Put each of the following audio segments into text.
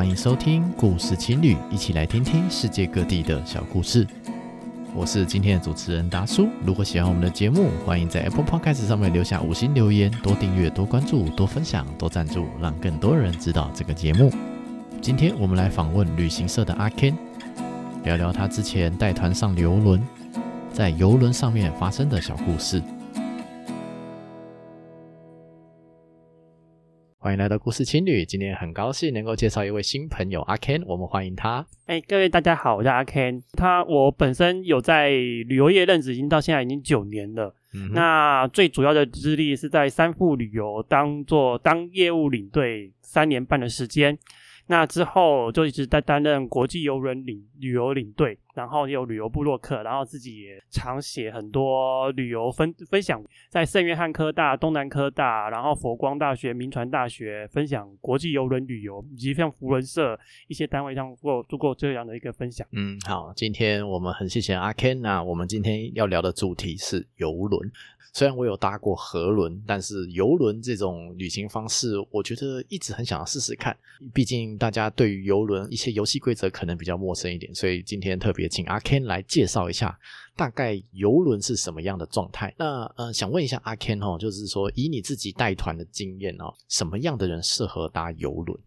歡迎收聽故事青旅，一起來聽聽世界各地的小故事。我是今天的主持人達叔。如果喜歡我們的節目，歡迎在 Apple Podcast 上面留下五星留言，多訂閱、多關注、多分享、多贊助，讓更多人知道這個節目。今天我們來訪問旅行社的阿 Ken，聊聊他之前帶團上遊輪，在遊輪上面發生的小故事。歡迎來到故事青旅。今天很高興能夠介紹一位新朋友阿 Ken，我們歡迎他。哎，各位大家好，我叫阿 Ken。他我本身有在旅遊業任職，已經到現在已經九年了，嗯。那最主要的資歷是在三富旅遊當做當業務領隊三年半的時間，那之後就一直在擔任國際遊輪領旅遊領隊。然後也有旅遊部落客，然後自己也常寫很多旅遊分分享，在聖約翰科大、東南科大，然後佛光大學、銘傳大學分享國際遊輪旅遊，以及像扶輪社一些單位上做做過這樣的一個分享。嗯，好，今天我們很謝謝阿 Ken 啊。那我們今天要聊的主題是遊輪，雖然我有搭過河輪，但是遊輪這種旅行方式，我覺得一直很想要試試看。畢竟大家對於遊輪一些遊戲規則可能比較陌生一點，所以今天特別，請阿 Ken 來介紹一下，大概遊輪是什麼樣的狀態？那呃，想問一下阿 Ken 哦，就是說以你自己帶團的經驗哦，什麼樣的人適合搭遊輪？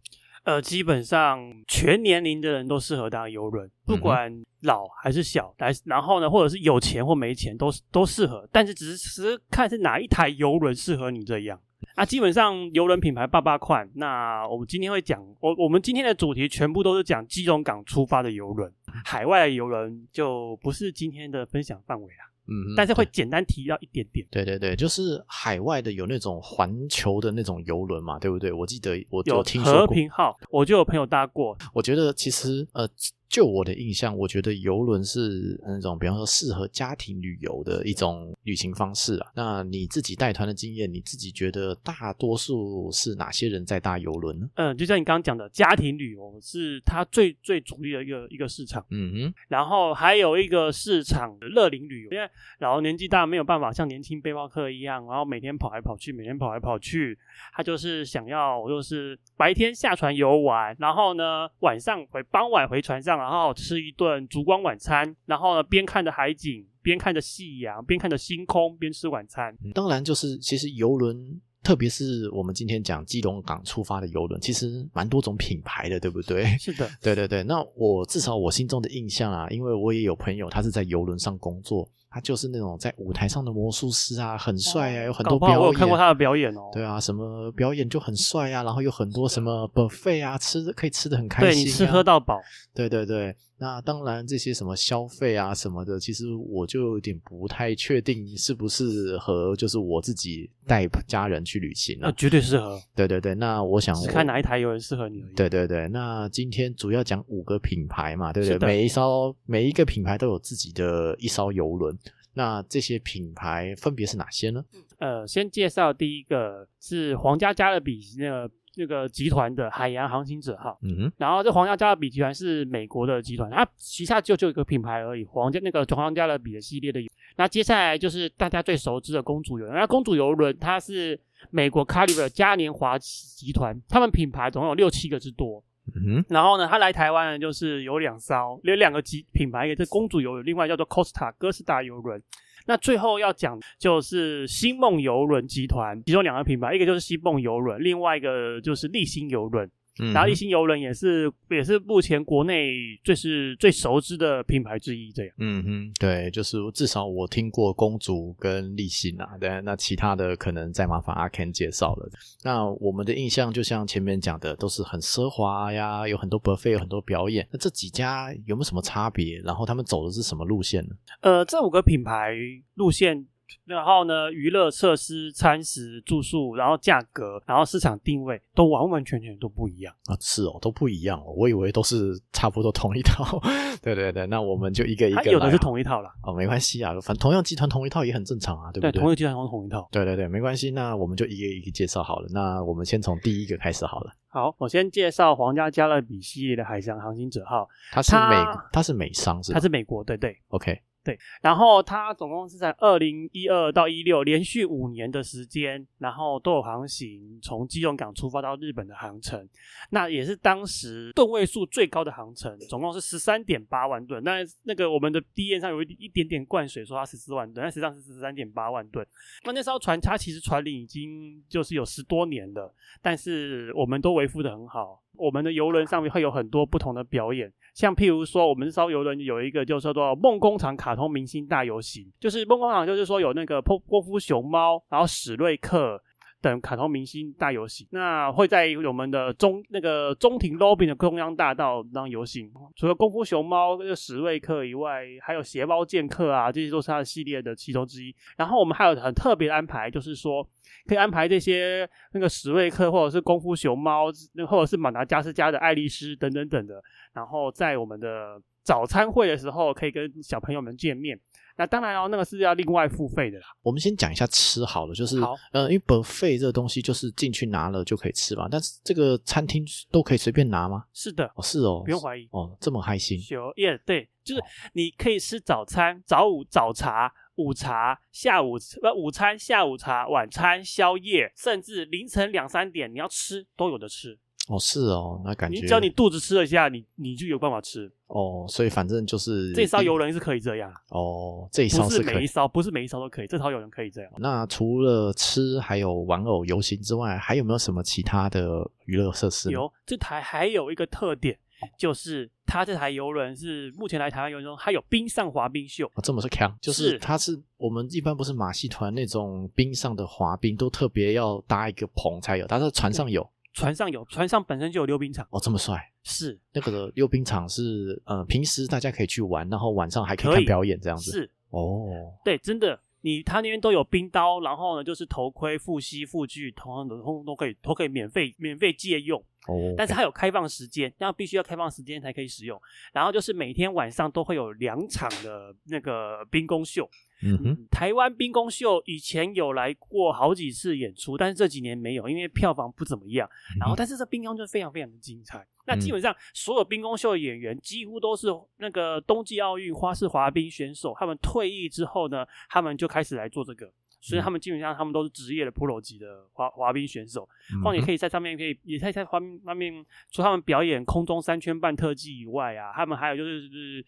呃，基本上全年齡的人都適合搭遊輪，不管老還是小，來然後呢，或者是有錢或沒錢都都適合，但是只是只是看是哪一台遊輪適合你這樣。啊，基本上遊輪品牌百百款。那我們今天會講，我我們今天的主題全部都是講基隆港出發的遊輪。海外遊輪就不是今天的分享範圍啊，嗯，但是會簡單提到一點點。對對對，就是海外的有那種環球的那種遊輪嘛，對不對？我記得我有聽說和平號我，我就有朋友搭過。我覺得其實呃。就我的印象，我覺得遊輪是那種，比方說適合家庭旅遊的一種旅行方式啊。那你自己帶團的經驗，你自己覺得大多數是哪些人在搭遊輪呢？嗯，就像你剛剛講的，家庭旅遊是它最最主力的一個一個市場。嗯哼，然後還有一個市場，的樂齡旅遊，因為然後年紀大沒有辦法像年輕背包客一樣，然後每天跑來跑去，每天跑來跑去，他就是想要，就是白天下船遊玩，然後呢晚上回傍晚回船上。然後吃一頓燭光晚餐，然後呢，邊看着海景，邊看着夕陽，邊看着星空，邊吃晚餐。嗯，當然，就是其實遊輪，特別是我們今天講基隆港出發的遊輪，其實蠻多種品牌的，對不對？是的，對對對。那我至少我心中的印象啊，因為我也有朋友，他是在遊輪上工作。他就是那種在舞台上的魔術師啊，很帥啊，有很多表演。我有看過他的表演哦。對啊，什麼表演就很帥啊，然後有很多什麼 buffet 啊，吃可以吃的很開心啊。對，你吃喝到飽。對對對，那當然這些什麼消費啊什麼的，其實我就有點不太確定適不適合，就是我自己帶家人去旅行啊。那啊，絕對適合。對對對，那我想我看哪一台遊輪適合你。對對對，那今天主要講五個品牌嘛，對不對？每一艘每一個品牌都有自己的一艘遊輪。那這些品牌分別是哪些呢？呃，先介紹第一個是皇家加勒比那個那個集團的海洋航行者號，嗯哼。然後這皇家加勒比集團是美國的集團，它旗下就就一個品牌而已，皇家那個皇家加勒比的系列的。那接下來就是大家最熟知的公主遊輪，那公主遊輪它是美國卡利爾嘉年華集團，他們品牌總共有六七個之多。嗯哼，然後呢，他來台灣就是有兩艘，有兩個集品牌，一個是公主遊輪，另外叫做 Costa 哥詩達遊輪。那最後要講就是星夢遊輪集團，其中兩個品牌，一個就是星夢遊輪，另外一個就是麗星遊輪。然後麗星遊輪也是、嗯、也是目前國內最是最熟知的品牌之一這樣。嗯嗯，對，就是至少我聽過公主跟麗星啊，對啊，那其他的可能再麻煩阿 Ken 介紹了。那我們的印象就像前面講的，都是很奢華呀，有很多 buffet，有很多表演。那這幾家有沒有什麼差別？然後他們走的是什麼路線呢？呃，這五個品牌路線。然後呢，娛樂設施、餐食、住宿，然後價格，然後市場定位，都完完全全都不一樣啊！是哦，都不一樣哦。我以為都是差不多同一套。 對，對對對，那我們就一個一個來、啊、有的是同一套啦。哦，沒關係啊，反正同樣集團同一套也很正常啊，對，對不對？對，同一集團都是同一套。對對對，沒關係，那我們就一個一個介紹好了。那我們先從第一個開始好了。好，我先介紹皇家加勒比系列的海上航行者號。它，它是美，它是美商是吧？它是美國，對對。OK。對，然後它總共是在二零一二到一六連續五年的時間，然後都有航行從基隆港出發到日本的航程，那也是當時噸位數最高的航程，總共是十三點八萬噸。那那個我們的 DM 上有一點一點點灌水說它十四萬噸，但實際上是十三點八萬噸。那那艘船它其實船齡已經就是有十多年了。但是我們都維護得很好。我們的游輪上面會有很多不同的表演。像譬如說，我們這艘遊輪有一個，就是說夢工廠卡通明星大遊行，就是夢工廠，就是說有那個功夫熊貓，然後史瑞克。等卡通明星大遊行，那會在我們的中那個中庭 lobby 的中央大道當遊行。除了功夫熊貓、那個史瑞克以外，還有鞋貓劍客啊，這些都是他的系列的其中之一。然後我們還有很特別的安排，就是說可以安排這些那個史瑞克或者是功夫熊貓，或者是馬達加斯加的愛麗絲等等等的，然後在我們的早餐會的時候可以跟小朋友們見面。啊，當然哦，那個是要另外付費的啦。我們先講一下吃好了，就是，好呃，因為 buffet 這個東西就是進去拿了就可以吃嘛。但是這個餐廳都可以隨便拿嗎？是的，哦，是哦，不用懷疑哦，這麼開心。有耶，對，就是你可以吃早餐、早午、早茶、午茶、下午呃午餐、下午茶、晚餐、宵夜，甚至凌晨兩三點你要吃都有的吃。哦，是哦，那感覺你只要你肚子吃得下，你你就有辦法吃哦。所以反正就是這一艘遊輪是可以這樣哦。這一艘是可以。不是每一艘，不是每一艘都可以。這艘遊輪可以這樣。那除了吃，還有玩偶遊行之外，還有沒有什麼其他的娛樂設施？有這台還有一個特點，就是它這台遊輪是目前來台灣遊輪中，它有冰上滑冰秀。哦，這麼是強，就是它是，是我們一般不是馬戲團那種冰上的滑冰，都特別要搭一個棚才有，但是船上有。船上有，船上本身就有溜冰場哦，這麼帥，是那個溜冰場是，呃，平時大家可以去玩，然後晚上還可以看表演這樣子，是哦，對，真的，你他那邊都有冰刀，然後呢就是頭盔、護膝、護具，統統都通通都可以，都可以免費免費借用。哦、oh, okay. 但是它有開放時間，那必須要開放時間才可以使用。然後就是每天晚上都會有兩場的那個冰宮秀。Mm -hmm. 嗯，台灣冰宮秀以前有來過好幾次演出，但是這幾年沒有，因為票房不怎麼樣。然後，但是這冰宮就非常非常的精彩。Mm -hmm. 那基本上所有冰宮秀演員幾乎都是那個冬季奧運花式滑冰選手，他們退役之後呢，他們就開始來做這個。所以他們基本上，他們都是職業的 pro 級的滑滑冰選手，況且可以在上面可以，也也在滑冰上面，除他們表演空中三圈半特技以外啊，他們還有就是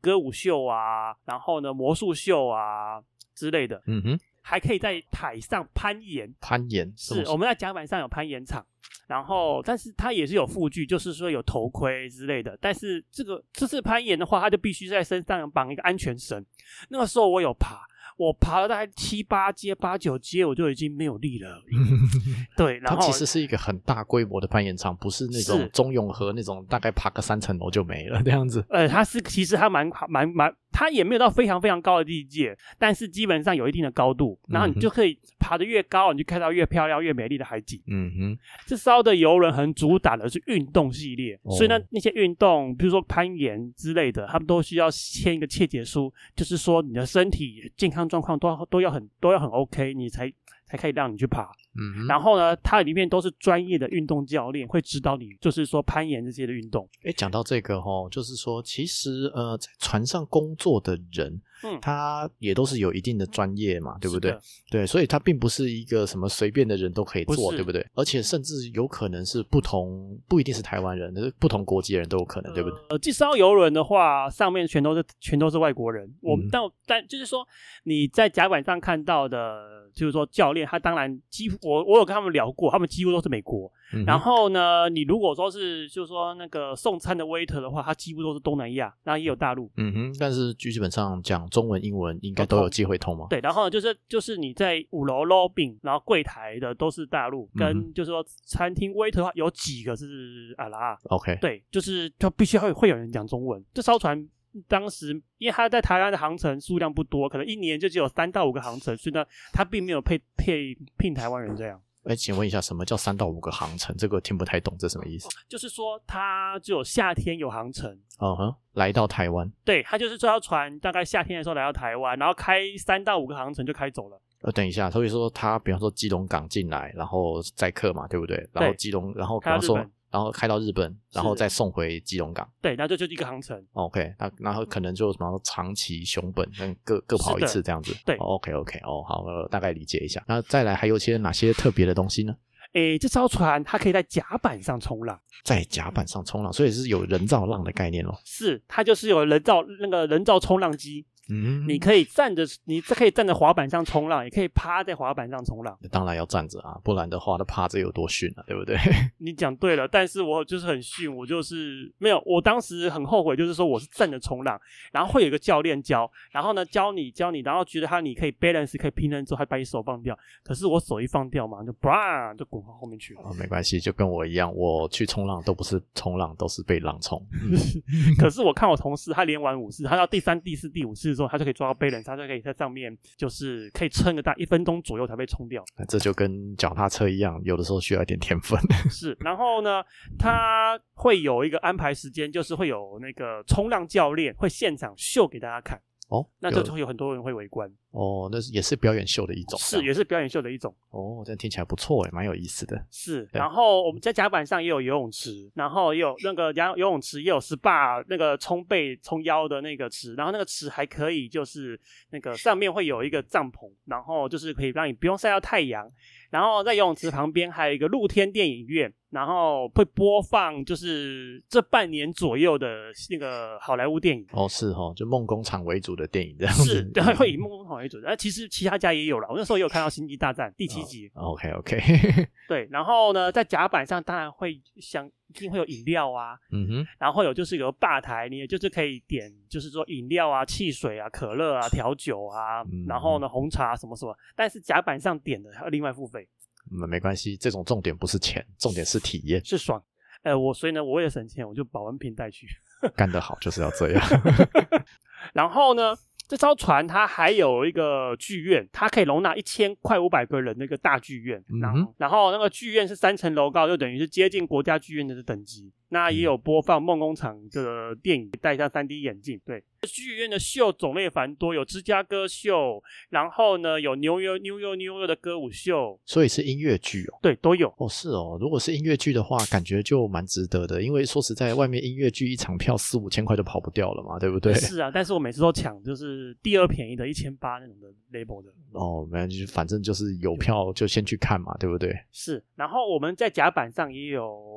歌舞秀啊，然後呢，魔術秀啊之類的。嗯哼，還可以在台上攀岩。攀岩是我們在甲板上有攀岩場，然後，但是它也是有護具，就是說有頭盔之類的。但是這個這次攀岩的話，他就必須在身上綁一個安全繩。那個時候我有爬。我爬了大概七八階、八九階，我就已經沒有力了。 對，然後它其實是一個很大規模的攀岩場，不是那種中永和那種，大概爬個三層樓就沒了這樣子。呃，它是其實還蠻蠻蠻。蠻蠻蠻它也沒有到非常非常高的地界，但是基本上有一定的高度，嗯、然後你就可以爬得越高，你就看到越漂亮、越美麗的海景。嗯哼，這艘的遊輪很主打的是運動系列，哦、所以呢，那些運動，比如說攀岩之類的，他們都需要簽一個切結書，就是說你的身體健康狀況都都要很都要很 OK，你才。才可以讓你去爬，嗯，然後呢，它裡面都是專業的運動教練，會指導你，就是說攀岩這些的運動。誒，講到這個吼，就是說其實呃，在船上工作的人。嗯，他也都是有一定的專業嘛，對不對？對，所以他並不是一個什麼隨便的人都可以做，對不對？而且甚至有可能是不同，不一定是台灣人，但是不同國籍人都有可能，呃，對不對？呃，哥詩達遊輪的話，上面全都是全都是外國人。我，嗯，但但就是說，你在甲板上看到的，就是說教練，他當然幾乎我我有跟他們聊過，他們幾乎都是美國。嗯、然後呢，你如果說是就是說那個送餐的 waiter 的話，他幾乎都是東南亞，然後也有大陸。嗯哼。但是據基本上講中文、英文應該都有機會通嘛。對，然後就是就是你在五樓 lobby，然後櫃台的都是大陸，跟就是說餐廳 waiter 的話有幾個是阿拉。OK。對，就是就必須會會有人講中文。這艘船當時因為他在台灣的航程數量不多，可能一年就只有三到五個航程，所以呢，他並沒有配配，配聘台灣人這樣。嗯哎，請問一下，什麼叫三到五個航程？這個聽不太懂，這什麼意思？哦，就是說，它只有夏天有航程。哦，哼，來到台灣。對，它就是這條船，大概夏天的時候來到台灣，然後開三到五個航程就開走了。呃，等一下，所以說它，比方說基隆港進來，然後載客嘛，對不對？對，然後基隆，然後比方說。然後開到日本，然後再送回基隆港。對，然後這就是一個航程。OK，那然後可能就什麼長崎、熊本，跟各各跑一次這樣子。對，對 oh，OK OK，哦、oh，好，大概理解一下。那再來還有些哪些特別的東西呢？誒，這艘船它可以在甲板上衝浪，在甲板上衝浪，所以是有人造浪的概念咯、嗯。是，它就是有人造那個人造衝浪機。嗯，你可以站着，你可以站着滑板上衝浪，也可以趴在滑板上衝浪。當然要站着啊，不然的話，那趴着有多遜啊，對不對？你講對了，但是我就是很遜，我就是沒有。我當時很後悔，就是說我是站着衝浪，然後會有一個教練教，然後呢教你教你，然後覺得他你可以 balance 可以平衡之後，還把你手放掉。可是我手一放掉嘛，就砰就滾到後面去了。哦，沒關係，就跟我一樣，我去衝浪都不是衝浪，都是被浪衝。嗯、 可是我看我同事，他連玩五次，他到第三、第四、第五次。之後他就可以抓到 balance，他就可以在上面，就是可以撐個大一分鐘左右才被沖掉。那、啊、這就跟腳踏車一樣，有的時候需要一點天分。 是，然後呢，他會有一個安排時間，就是會有那個衝浪教練會現場秀給大家看。哦，那這就會有很多人會圍觀。哦，那是也是表演秀的一種，是也是表演秀的一種。哦，這樣聽起來不錯哎，蠻有意思的。是，然後我們在甲板上也有游泳池，然後也有那個游泳池也有 SPA，那個沖背沖腰的那個池，然後那個池還可以，就是那個上面會有一個帳篷，然後就是可以讓你不用曬到太陽。然後在游泳池旁邊還有一個露天電影院，然後會播放就是這半年左右的那個好萊塢電影。哦，是哦，就夢工廠為主的電影這樣子。是對，會以夢工。 那其實其他家也有了，我那時候也有看到《星際大戰》第七集。Oh, OK OK 。對，然後呢，在甲板上當然會想一定會有飲料啊，嗯哼，然後有就是有吧台，你也就是可以點，就是說飲料啊、汽水啊、可樂啊、調酒啊，mm -hmm. 然後呢紅茶什麼什麼，但是甲板上點的還要另外付費。嗯，沒關係，這種重點不是錢，重點是體驗，是爽。呃、我所以呢，我也省錢，我就保溫瓶帶去。 幹得好，就是要這樣。 然後呢？這艘船它還有一個劇院，它可以容納一千快五百個人的一個大劇院，然後、嗯、然後那個劇院是三層樓高，就等於是接近國家劇院的等級。那也有播放夢工廠的電影，戴上 3D 眼鏡，對。劇院的秀種類繁多，有芝加哥秀，然後呢有 New York, New York, New York 的歌舞秀，所以是音樂劇哦。對，都有哦，是哦。如果是音樂劇的話，感覺就蠻值得的，因為說實在，外面音樂劇一場票四五千塊就跑不掉了嘛，對不對？是啊，但是我每次都搶，就是第二便宜的，一千八那種的 label 的。哦沒，反正就是有票就先去看嘛，對不對？是。然後我們在甲板上也有。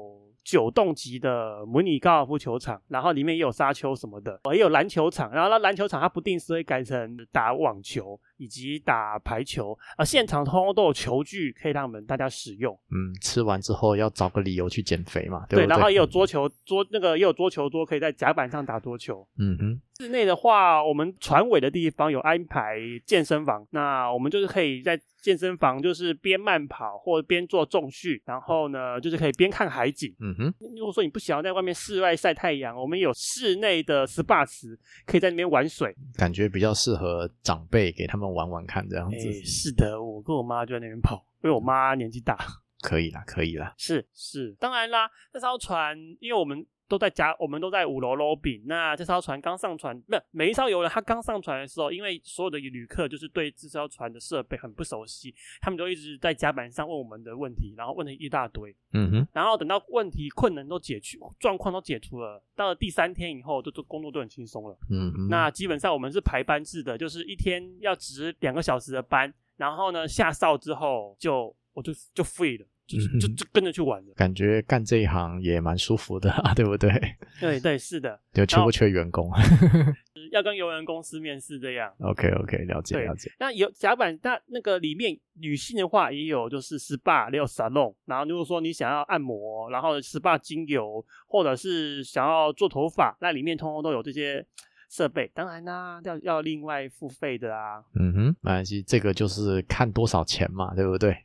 九洞級的模擬高爾夫球場，然後裡面也有沙丘什麼的，也有籃球場，然後那籃球場它不定時會改成打網球，以及打排球，啊、呃，現場通常都有球具可以讓我們大家使用。嗯，吃完之後要找個理由去減肥嘛，對不對？然後也有桌球桌，那個也有桌球桌，可以在甲板上打桌球。嗯哼。室內的話，我們船尾的地方有安排健身房，那我們就是可以在健身房，就是邊慢跑或邊做重訓，然後呢，就是可以邊看海景。嗯哼。如果說你不想要在外面室外曬太陽，我們有室內的 SPA 池可以在那邊玩水，感覺比較適合長輩給他們。玩玩看這樣子。欸，是的，我跟我媽就在那邊跑，因為我媽年紀大。啊，可以啦，可以啦，是是，當然啦，那艘船因為我們。都在甲，我們都在五樓樓餅。那這艘船剛上船，那每一艘遊輪它剛上船的時候，因為所有的旅客就是對這艘船的設備很不熟悉，他們就一直在甲板上問我們的問題，然後問了一大堆。嗯嗯。然後等到問題、困難都解決，狀況都解除了，到了第三天以後就，都都工作都很輕鬆了。嗯嗯。那基本上我們是排班制的，就是一天要值兩個小時的班，然後呢下哨之後就我就就 free 了。嗯，就跟着去玩。嗯，感覺幹這一行也蠻舒服的，啊，對不對？ 對對，是的。有缺不缺員工？ 要跟游輪公司面試這樣。OK OK，了解了解。那有甲板，那那個裡面女性的話也有，就是 SPA，也有 salon。然後如果說你想要按摩，然後 SPA 精油，或者是想要做頭髮，那裡面通通都有這些。設備當然啦，啊，要要另外付費的啊。嗯哼，沒關係，這個就是看多少錢嘛，對不對？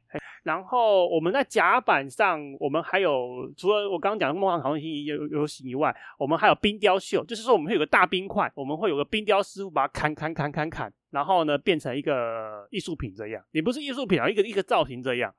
然後我們在甲板上，我們還有除了我剛剛講的夢幻航行遊遊戲以外，我們還有冰雕秀，就是說我們會有個大冰塊，我們會有個冰雕師傅把它砍砍砍砍砍，然後呢變成一個藝術品這樣，也不是藝術品啊，一個一個造型這樣。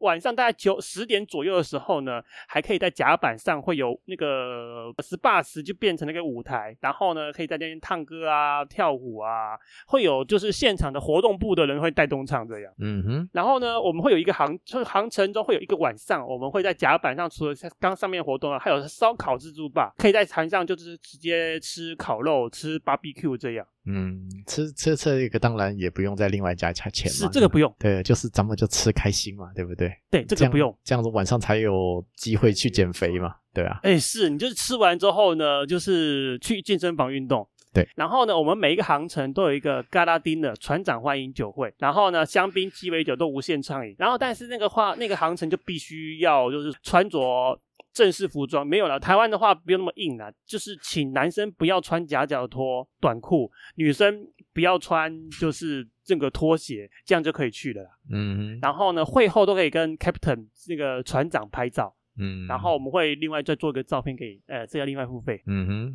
晚上大概九十點左右的時候呢，還可以在甲板上會有那個 SPA 室就變成那個舞台，然後呢可以在那邊唱歌啊、跳舞啊，會有就是現場的活動部的人會帶動唱這樣。嗯哼。然後呢，我們會有一個行就是行程中會有一個晚上，我們會在甲板上除了剛上面活動了，還有燒烤自助吧，可以在船上就是直接吃烤肉、吃 barbecue 這樣。嗯，吃吃吃這個，當然也不用再另外加加錢嘛，是這個不用。對，就是咱們就吃開心嘛，對不對？對，這個不用。這樣，這樣子晚上才有機會去減肥嘛，對啊。哎、欸，是，你就是吃完之後呢，就是去健身房運動。對，然後呢，我們每一個航程都有一個嘎拉丁的船長歡迎酒會，然後呢，香檳雞尾酒都無限暢飲。然後，但是那個話，那個航程就必須要就是穿着。正式服裝沒有了，台灣的話不用那麼硬了，就是請男生不要穿夾腳拖短褲，女生不要穿就是整個拖鞋，這樣就可以去了啦。嗯，然後呢，會後都可以跟 captain 那個船長拍照。嗯，然後我們會另外再做一個照片給，呃，這要另外付費。嗯。嗯哼，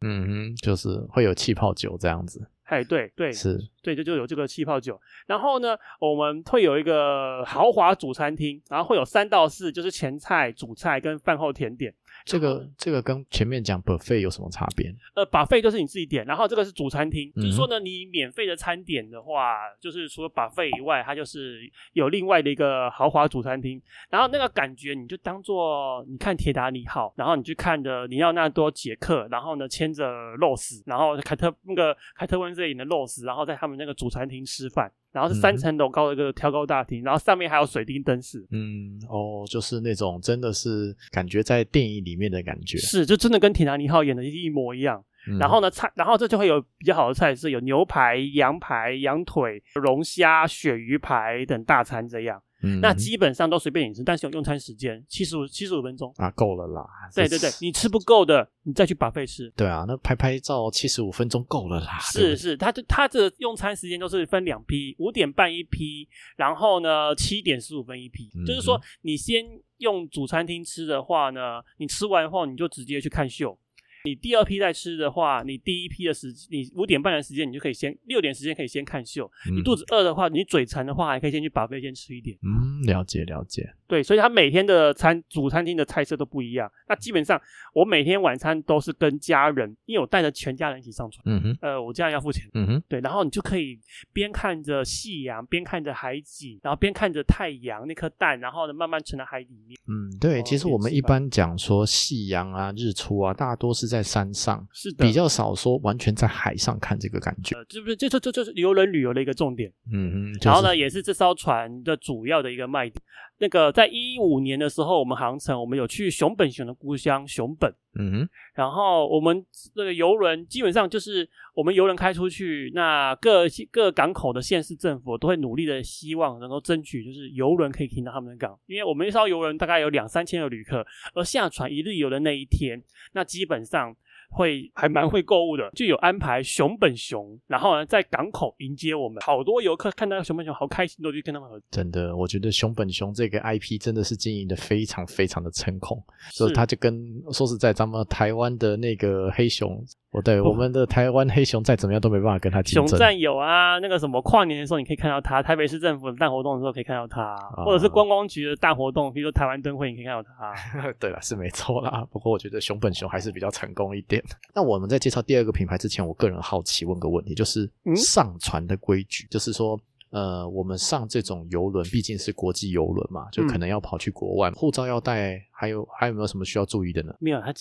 嗯哼，就是會有氣泡酒這樣子。嘿，對對是，對這就有這個氣泡酒，然後呢，我們會有一個豪華主餐廳，然後會有三到四，就是前菜、主菜跟飯後甜點。這個這個跟前面講 buffet 有什麼差別？呃，buffet 就是你自己點，然後這個是主餐廳，就、嗯、是說呢，你免費的餐點的話，就是除了 buffet 以外，它就是有另外的一個豪華主餐廳，然後那個感覺你就當做你看鐵達尼號，然後你去看着李奧納多傑克，然後呢牽着 Rose，然後凱特那個凱特溫絲蕾的 Rose，然後在他們那個主餐廳吃飯。然後是三層樓高的一個挑高大廳、嗯，然後上面還有水晶燈飾。嗯，哦，就是那種真的是感覺在電影裡面的感覺。是，就真的跟《鐵達尼號》演的一模一樣、嗯。然後呢，菜，然後這就會有比較好的菜式，是有牛排、羊排、羊腿、龍蝦、鱈魚排等大餐這樣。那基本上都隨便飲食，但是有用餐時間，七十五七十五分鐘啊，夠了啦。對對對，你吃不夠的，你再去 buffet 吃。對啊，那拍拍照七十五分鐘夠了啦。是是，他他這用餐時間都是分兩批，五點半一批，然後呢七點十五分一批。嗯。就是說，你先用主餐廳吃的話呢，你吃完後你就直接去看秀。你第二批再吃的話，你第一批的時，你五點半的時間，你就可以先六點時間可以先看秀。嗯。你肚子餓的話，你嘴饞的話，還可以先去 buffet 先吃一點。嗯，了解了解。對，所以他每天的餐主餐廳的菜色都不一樣。那基本上我每天晚餐都是跟家人，因為我帶着全家人一起上船。嗯哼，呃，我家人要付錢。嗯哼，對。然後你就可以邊看着夕陽，邊看着海景，然後邊看着太陽那顆蛋，然後呢慢慢沉到海裡面。嗯，對。其實我們一般講說夕陽啊、日出啊，大多是在山上，是的，比較少說完全在海上看這個感覺。是不是？就是就就是遊輪旅遊的一個重點。嗯哼、就是。然後呢，也是這艘船的主要的一個賣點。那個在一五年的時候，我們航程，我們有去熊本熊的故鄉熊本，嗯哼，然後我們這個遊輪基本上就是，我們遊輪開出去，那各各港口的縣市政府都會努力的希望能夠爭取，就是遊輪可以停到他們的港，因為我們一艘遊輪大概有兩三千個旅客，而下船一日遊的那一天，那基本上。會還蠻會購物的，就有安排熊本熊，然後呢，在港口迎接我們，好多遊客看到熊本熊好開心，都去跟他們合作。真的，我覺得熊本熊這個 IP 真的是經營得非常非常的成功，所以他就跟說實在，咱們台灣的那個黑熊。我對我們的台灣黑熊再怎麼樣都沒辦法跟他競爭。熊讚有啊，那個什麼跨年的時候你可以看到他，台北市政府的大活動的時候可以看到他、啊，或者是觀光局的大活動，比如說台灣燈會你可以看到他。 對了，是沒錯啦。不過我覺得熊本熊還是比較成功一點。 那我們在介紹第二個品牌之前，我個人好奇問個問題，就是上傳的規矩，就是說。嗯呃，我們上這種遊輪畢竟是國際遊輪嘛，就可能要跑去國外，嗯、護照要帶，還有還有沒有什麼需要注意的呢？沒有，他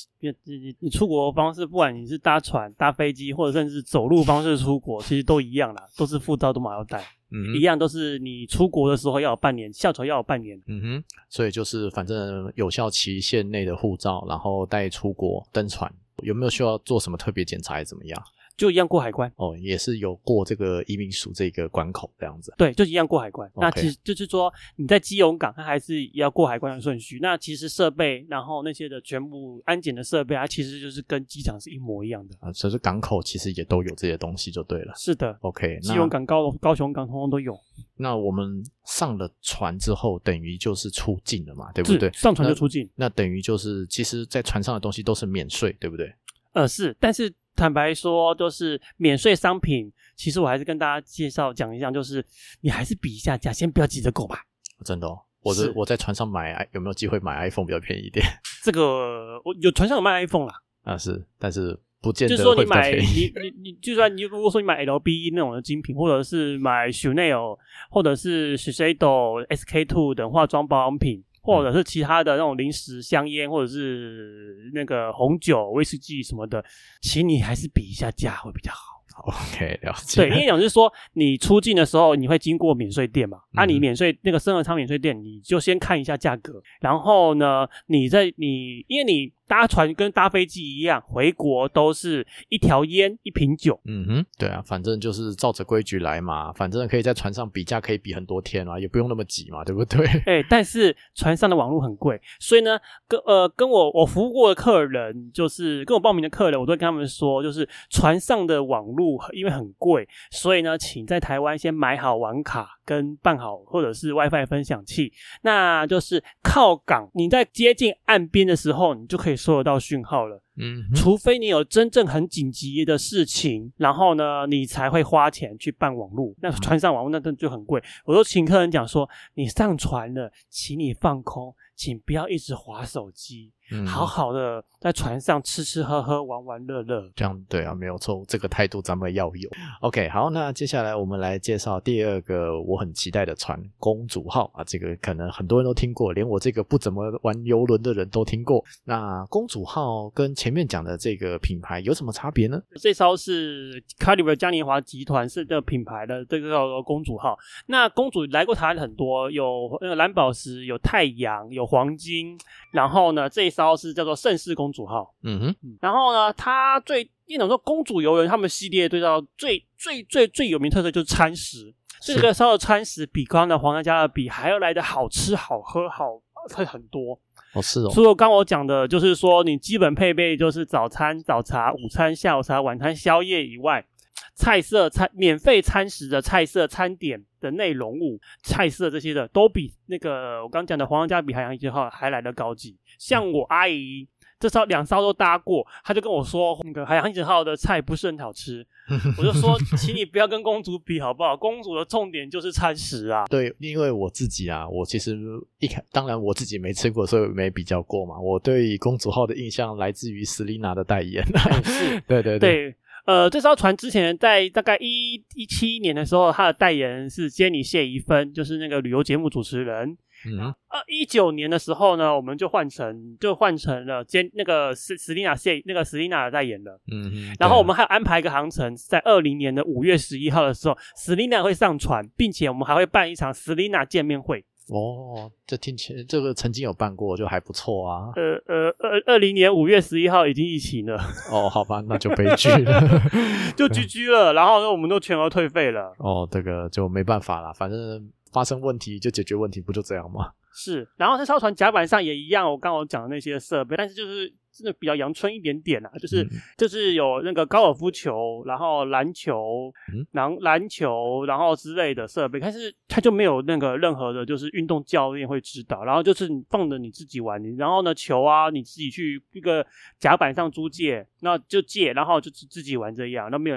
你出國方式，不管你是搭船、搭飛機，或者甚至走路方式出國，其實都一樣啦，都是護照都嘛要帶，嗯，一樣都是你出國的時候要有半年，下船要有半年。嗯哼，所以就是反正有效期限內的護照，然後帶出國登船。有沒有需要做什麼特別檢查，還是怎麼樣？就一樣過海關哦，也是有過這個移民署這個關口這樣子。對，就一樣過海關。Okay。那其實就是說你在基隆港，它還是要過海關的順序。那其實設備，然後那些的全部安檢的設備它其實就是跟機場是一模一樣的。啊，所以港口其實也都有這些東西，就對了。是的，OK。基隆港，高高雄港，通通都有。那我們上了船之後，等於就是出境了嘛，對不對？上船就出境。那，那等於就是，其實，在船上的東西都是免稅，對不對？呃，是，但是。坦白說，就是免稅商品。其實我還是跟大家介紹講一下，就是你還是比一下價，先不要急着購買。真的，哦，我是我在船上買，有沒有機會買 iPhone 比較便宜一點？這個我有，船上有賣 iPhone 啦。啊，是，但是不見得不，就是說你買你你，你，就算你如果說你買 L B E 那種的精品，或者是買 Chanel，或者是 Shiseido S K Two 等化妝保養品。或者是其他的那種零食、香煙，或者是那個紅酒、威士忌什麼的，請你還是比一下價會比較好。OK，了解。對，因為講是說你出境的時候，你會經過免稅店嘛？那、啊、你免稅那個昇恆昌免稅店，你就先看一下價格，然後呢，你在你，因為你。搭船跟搭飛機一樣，回國都是一條菸一瓶酒。嗯哼，對啊，反正就是照着規矩來嘛。反正可以在船上比價，可以比很多天啊，也不用那麼急嘛，對不對？哎、欸，但是船上的網絡很貴，所以呢，跟呃跟我我服務過的客人，就是跟我報名的客人，我都會跟他們說，就是船上的網絡因為很貴，所以呢，請在台灣先買好網卡跟辦好或者是 WiFi 分享器，那就是靠港你在接近岸邊的時候，你就可以說。收到訊號了，嗯，除非你有真正很緊急的事情，然後呢，你才會花錢去辦網絡。那船上網絡那真的就很貴，我都請客人講說，你上船了，請你放空。請不要一直滑手機，嗯，好好的在船上吃吃喝喝，玩玩樂樂。這樣對啊，沒有錯，這個態度咱們要有。OK，好，那接下來我們來介紹第二個我很期待的船——公主號啊。這個可能很多人都聽過，連我這個不怎麼玩遊輪的人都聽過。那公主號跟前面講的這個品牌有什麼差別呢？這艘是卡里夫嘉年華集團是這個品牌的，這個叫公主號。那公主來過台灣很多，有藍寶石，有太陽，有黃金，然後呢，這一艘是叫做盛世公主號，嗯哼，然後呢，它最，一種說公主遊輪，他們系列對到最最最最有名特色就是餐食，這個艘的餐食比剛剛的皇家加勒比還要來的好吃好喝好，會很多，是哦，所以剛，剛我講的就是說，你基本配備就是早餐、早茶、午餐、下午茶、晚餐、宵夜以外。菜色餐免費餐食的菜色餐點的內容物，菜色這些的都比那個我剛講的皇家比海洋一號還來得高級。像我阿姨這艘兩艘都搭過，她就跟我說那個海洋一號的菜不是很好吃。 我就說，請你不要跟公主比好不好？公主的重點就是餐食啊。對，因為我自己啊，我其實一看，當然我自己沒吃過，所以沒比較過嘛。我對公主號的印象來自於 Selina 的代言。是， 對對對。呃，這艘船之前在大概一一七年的時候，它的代言人是 Janet 謝怡芬，就是那個旅遊節目主持人。嗯，呃，一九年的時候呢，我們就換成就換成了杰那個、S、Selina 謝那個 Selina 的代言了。嗯嗯，然後我們還有安排一個航程，在二零年的五月十一號的時候，Selina 會上船，並且我們還會辦一場 Selina 見面會。哦，這聽起來這個曾經有辦過，就還不錯啊。呃呃，二零年五月十一號已經疫情了。哦，好吧，那就悲劇了。 就 GG 了。然後我們都全額退費了。哦，這個就沒辦法了，反正發生問題就解決問題，不就這樣嗎？是。然後是超船甲板上也一樣，我剛剛講的那些設備，但是就是。真的比較陽春一點點啦，啊，就是就是有那個高爾夫球，然後籃球、籃籃球，然後之類的設備，但是他就沒有那個任何的，就是運動教練會指導，然後就是放着你自己玩，然後呢，球啊你自己去一個甲板上租借，那就借，然後就自自己玩這樣，那沒有。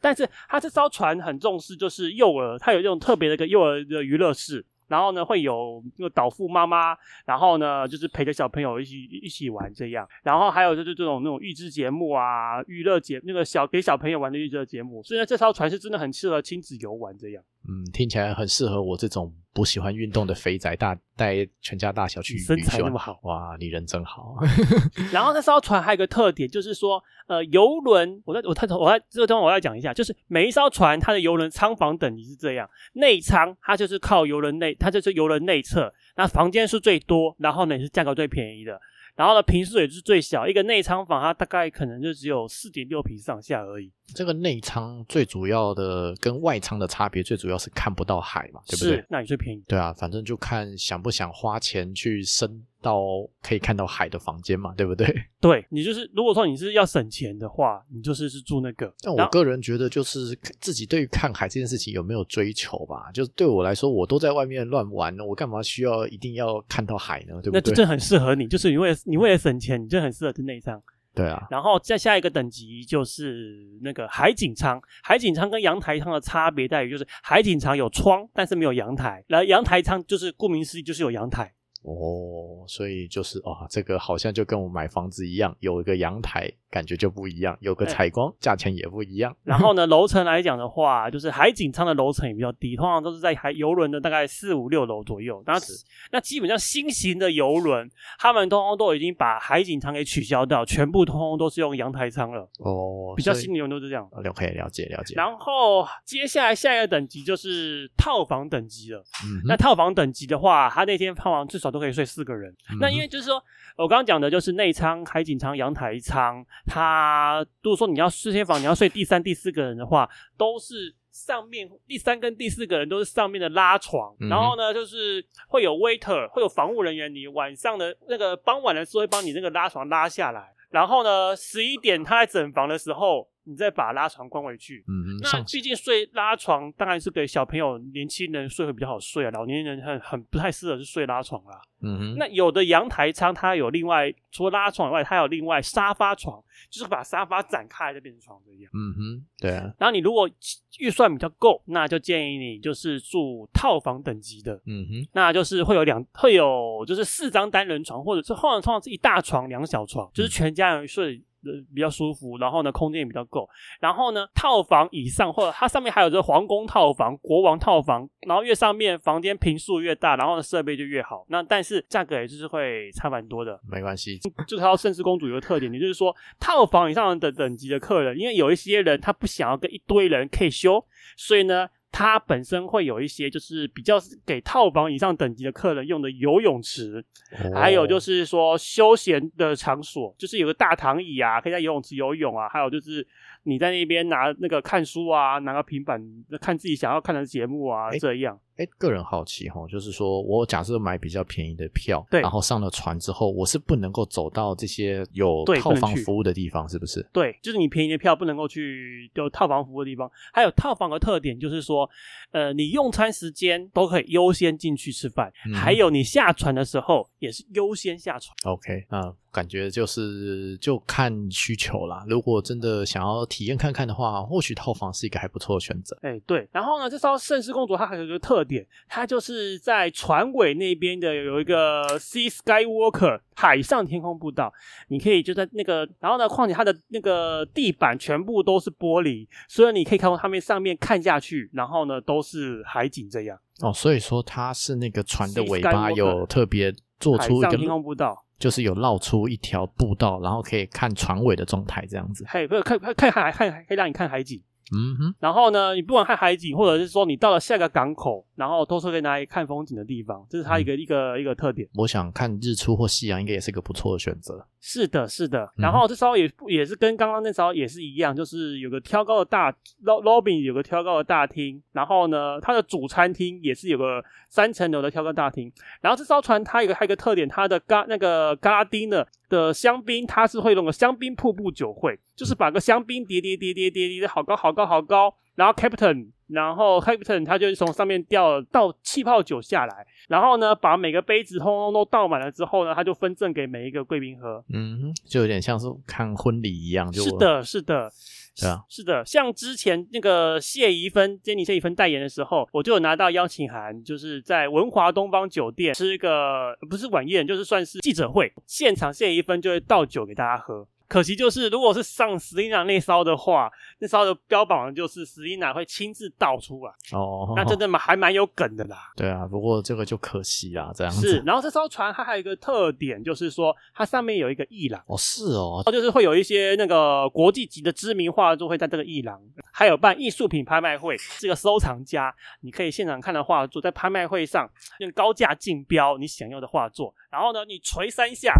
但是他這艘船很重視就是幼兒，他有一種特別的一個幼兒的娛樂室。然後呢，會有那個導父媽媽，然後呢，就是陪着小朋友一起一起玩這樣。然後還有就是這種那種預知節目啊，娛樂節那個小給小朋友玩的預知節目。所以呢，這艘船是真的很適合親子遊玩這樣。嗯，聽起來很適合我這種不喜歡運動的肥宅大帶全家大小去。身材那麼好，啊，哇，你人真好。啊。 然後那艘船還有個特點就是說，呃，遊輪，我在我在，我在，我在，我在這個地方我要講一下，就是每一艘船它的遊輪艙房等級是這樣，內艙它就是靠遊輪內，它就是遊輪內側，那房間數最多，然後呢也是價格最便宜的，然後呢平數也是最小，一個內艙房它大概可能就只有四點六平上下而已。這個內艙最主要的跟外艙的差別，最主要是看不到海嘛，對不對？是，那你最便宜。對啊，反正就看想不想花錢去升到可以看到海的房間嘛，對不對？對你就是，如果說你是要省錢的話，你就是是住那個。但我個人覺得，就是自己對於看海這件事情有沒有追求吧？就是對我來說，我都在外面亂玩，我幹嘛需要一定要看到海呢？對不對？那這很適合你，就是你為了你為了省錢，你就很適合去內艙。對啊，然後再下一個等級就是那個海景艙，海景艙跟陽台艙的差別在於就是海景艙有窗，但是沒有陽台，然後陽台艙就是顧名思義就是有陽台。哦，所以就是啊，哦，這個好像就跟我買房子一樣，有一個陽台。感覺就不一樣，有個採光，價、嗯、錢也不一樣。然後呢，樓 層來講的話，就是海景艙的樓層也比較低，通常都是在海遊輪的大概四五六樓左右。那是那基本上新型的遊輪，他們通通都已經把海景艙給取消掉，全部通通都是用陽台艙了。哦，比較新的遊輪都是這樣。了解，了解，了解。然後接下來下一個等級就是套房等級了。嗯、那套房等級的話，它那天套房至少都可以睡四個人、嗯。那因為就是說我剛剛講的就是內艙、海景艙、陽台艙。他如果說你要四間房，你要睡第三、第四個人的話，都是上面第三跟第四個人都是上面的拉床，嗯、然後呢，就是會有 waiter，會有服務人員，你晚上的那個傍晚的時候會幫你那個拉床拉下來，然後呢，十一點他在整房的時候。你再把拉床關回去，嗯哼，那畢竟睡拉床當然是給小朋友、年輕人睡會比較好睡啊，老年人很很不太適合去睡拉床啦，啊，嗯哼。那有的陽台艙它有另外，除了拉床以外，它有另外沙發床，就是把沙發展開就變成床這樣，嗯哼。對啊。然後你如果預算比較夠，那就建議你就是住套房等級的，嗯哼。那就是會有兩會有就是四張單人床，或者是通常是一大床兩小床，就是全家人睡。嗯呃，比較舒服，然後呢，空間也比較夠，然後呢，套房以上或者它上面還有這皇宮套房、國王套房，然後越上面房間坪數越大，然後呢設備就越好，那但是價格也就是會差蠻多的，沒關係。就他說盛世公主有個特點，也就是說套房以上的等，等級的客人，因為有一些人他不想要跟一堆人 K 修，所以呢。它本身會有一些，就是比較給套房以上等級的客人用的游泳池，嗯、還有就是說休閒的場所，就是有個大躺椅啊，可以在游泳池游泳啊，還有就是你在那邊拿那個看書啊，拿個平板，看自己想要看的節目啊，這樣。個人好奇哈，就是說我假設買比較便宜的票，對，然後上了船之後，我是不能夠走到這些有套房服務的地方，是不是？對，就是你便宜的票不能夠去有套房服務的地方。還有套房的特點就是說，呃，你用餐時間都可以優先進去吃飯，嗯，還有你下船的時候也是優先下船。OK，啊，感覺就是就看需求啦，如果真的想要體驗看看的話，或許套房是一個還不錯的選擇。哎、欸，對。然後呢，這艘盛世公主它還有一個特點。它就是在船尾那邊的有一個 Sea Sky Walker 海上天空步道，你可以就在那個，然後呢，況且它的那個地板全部都是玻璃，所以你可以看到他們上面看下去，然後呢都是海景這樣。哦，所以說它是那個船的尾巴有特別做出一個天空步道，就是有繞出一條步道，然後可以看船尾的狀態這樣子。嘿，不是看看海，看可以讓你看海景。嗯哼， 然後呢，你不管看海景，或者是說你到了下一個港口，然後都是可以拿來看風景的地方，這是它一個、嗯、一個一個特點。我想看日出或夕陽，應該也是一個不錯的選擇。是的，是的，嗯，然後這艘也也是跟剛剛那艘也是一樣，就是有個挑高的大羅羅賓，有個挑高的大廳，然後呢，它的主餐廳也是有個三層樓的挑高的大廳，然後這艘船它有個還有個特點，它的咖那個加丁的的香檳，它是會弄個香檳瀑布酒會，就是把個香檳疊疊疊疊疊疊好高好高好高，然後 Captain。然後 Captain 他就從上面掉了，倒氣泡酒下來，然後呢，把每個杯子通通都倒滿了之後呢，他就分贈給每一個貴賓喝。嗯，就有點像是看婚禮一樣，就。是的，是的。對啊是啊，是的，像之前那個謝怡芬，珍妮謝怡芬代言的時候，我就有拿到邀請函，就是在文華東方酒店吃一個不是晚宴，就是算是記者會，現場謝怡芬就會倒酒給大家喝。可惜就是，如果是上石英奶那艘的話，那艘的標榜就是石英奶會親自倒出來。哦，哦，那真的嘛，還蠻有梗的啦。對啊，不過這個就可惜啊，這樣子。是，然後這艘船它還有一個特點，就是說它上面有一個藝廊。哦，是哦。哦，就是會有一些那個國際級的知名畫作會在這個藝廊，還有辦藝術品拍賣會，這個收藏家。你可以現場看的畫作，在拍賣會上用高價競標你想要的畫作，然後呢，你捶三下，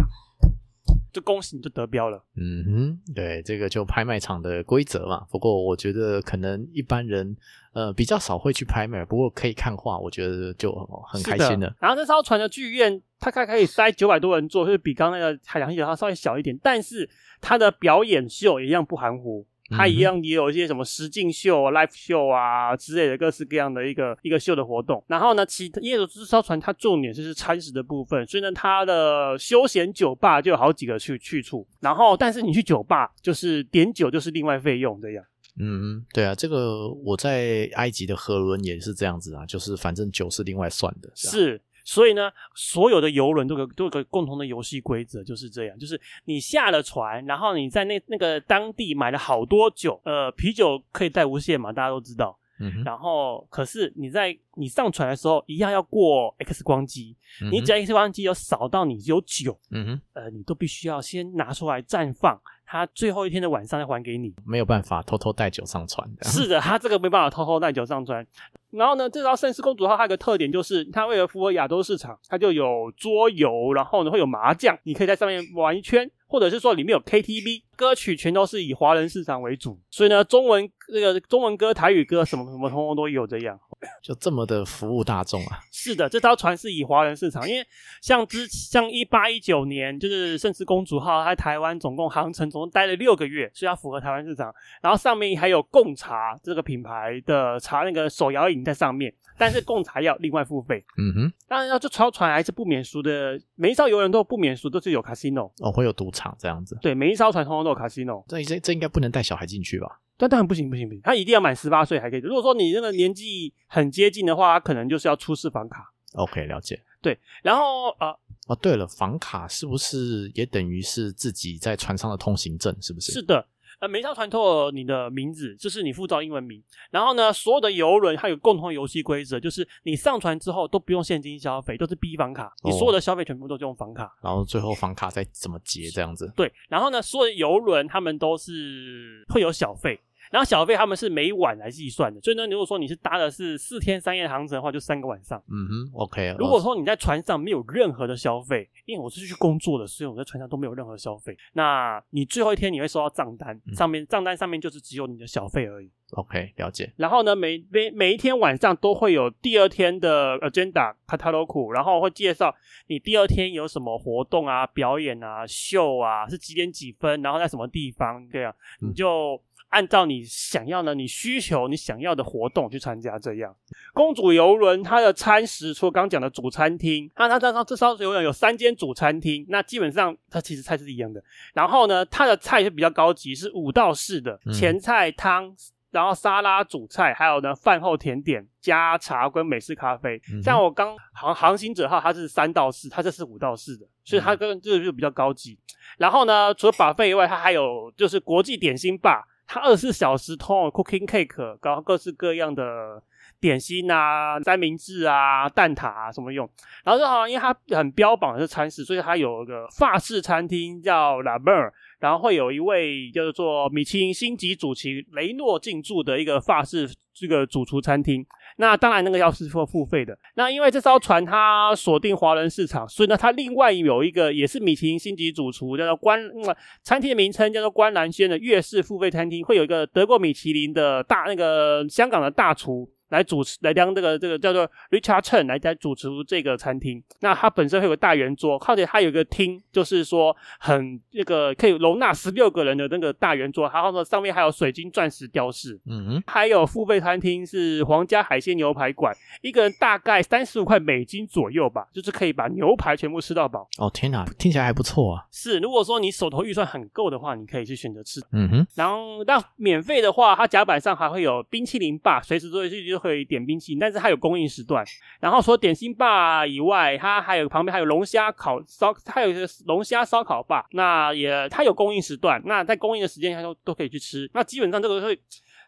就恭喜你就得標了，嗯哼，對，這個就拍賣場的規則嘛。不過我覺得可能一般人，呃，比較少會去拍賣，不過可以看畫，我覺得就很開心了。然後這艘船的劇院，它大概可以塞九百多人坐，就是比剛那個海洋一號稍微小一點，但是它的表演秀也一樣不含糊。它一樣也有一些什麼實境秀、啊、live 秀啊之類的各式各樣的一個一個秀的活動。然後呢，其，因為這艘船它重點就是餐食的部分，所以呢，它的休閒酒吧就有好幾個去去處。然後，但是你去酒吧就是點酒就是另外費用這樣。嗯，對啊，這個我在埃及的河輪也是這樣子啊，就是反正酒是另外算的是啊。是。所以呢，所有的遊輪都有都有個共同的遊戲規則，就是這樣，就是你下了船，然後你在那那個當地買了好多酒，呃，啤酒可以帶無限嘛，大家都知道，嗯，然後可是你在。你上船的時候一樣要過 X 光機，你只要 X 光機有掃到你有酒，嗯，呃，你都必須要先拿出來暫放，他最後一天的晚上再還給你，沒有辦法偷偷帶酒上船的。是的，他這個沒辦法偷偷帶酒上船。然後呢，這張盛世公主號它有個特點，就是它為了符合亞洲市場，它就有桌遊，然後呢會有麻將，你可以在上面玩一圈，或者是說裡面有 KTV，歌曲全都是以華人市場為主，所以呢，中文那個中文歌、台語歌什麼什麼，什麼通通都有這樣。就這麼的服務大眾啊？ 是的，這艘船是以華人市場，因為像之前像一八一九年，就是盛世公主號它在台灣總共航程總共待了六個月，所以它符合台灣市場。然後上面還有貢茶這個品牌的茶那個手搖飲在上面，但是貢茶要另外付費。 嗯哼，當然，這艘船還是不免俗的，每一艘遊輪都不免俗，都是有 casino 哦，會有賭場這樣子。對，每一艘船通通都有 casino。這這這應該不能帶小孩進去吧？但當然不行，不行，不行，他一定要滿十八歲才可以。如果說你那個年紀很接近的話，可能就是要出示房卡。OK，了解。對，然後呃，哦、啊，對了，房卡是不是也等於是自己在船上的通行證？是不是？是的。那每傳船透你的名字，就是你護照英文名。然後呢，所有的遊輪它有共同遊戲規則，就是你上船之後都不用現金消費，都是 B 房卡。你所有的消費全部都用房卡。哦，然後最後房卡再怎麼結這樣子。對，然後呢，所有的遊輪他們都是會有小費。然後小費他們是每晚來計算的，所以呢，如果說你是搭的是四天三夜的航程的話，就三個晚上。嗯哼，OK。如果說你在船上沒有任何的消費，因為我是去工作的，所以我在船上都沒有任何消費。那你最後一天你會收到賬單，嗯，上面賬單上面就是只有你的小費而已。嗯、OK，了解。然後呢，每每每一天晚上都會有第二天的 Agenda c a t a l o g u 然後會介紹你第二天有什麼活動啊、表演啊、秀啊，是幾點幾分，然後在什麼地方這樣，啊嗯，你就。按照你想要呢，你需求，你想要的活動去參加。這樣，公主遊輪它的餐食，除了剛剛講的主餐廳，它它這艘這遊輪有三間主餐廳，那基本上它其實菜是一樣的。然後呢，它的菜是比較高級，是五道式的，嗯、前菜湯，然後沙拉主菜，還有呢飯後甜點加茶跟美式咖啡。嗯、像我剛航航行者號，它是三道式，它這是五道式的，所以它跟這個就比較高級。嗯，然後呢，除了 buffet 以外，它還有就是國際點心吧。他二十四小時通用 cooking cake，然後各式各樣的點心啊、三明治啊、蛋撻啊、什麼用。然後正好，因為他很標榜的是餐食，所以他有一個法式餐廳叫 La Mer，然後會有一位叫做米其林星級主廚雷諾進駐的一個法式這個主廚餐廳。那當然，那個要是付付費的。那因為這艘船它鎖定華人市場，所以呢，它另外有一個也是米其林星級主廚，叫做關、嗯、餐廳的名稱叫做關蘭軒的粵式付費餐廳，會有一個得過米其林的大那個香港的大廚，來主持，來當這個這個叫做 Richard Chen 來在主持這個餐廳。那它本身會有個大圓桌，況且它有一個廳，就是說很那個可以容納十六個人的那個大圓桌，然後呢，上面還有水晶鑽石雕飾。嗯哼、嗯。還有付費餐廳是皇家海鮮牛排館，一個人大概三十五塊美金左右吧，就是可以把牛排全部吃到飽。哦，天吶，聽起來還不錯啊。是，如果說你手頭預算很夠的話，你可以去選擇吃。嗯哼、嗯。然後那免費的話，它甲板上還會有冰淇淋吧，隨時坐進去就是。可以點冰淇淋，但是它有供應時段。然後除了點心吧以外，它還有旁邊還有龍蝦烤燒，它有一個龍蝦燒烤吧。那也它有供應時段，那在供應的時間它都都可以去吃。那基本上這個會，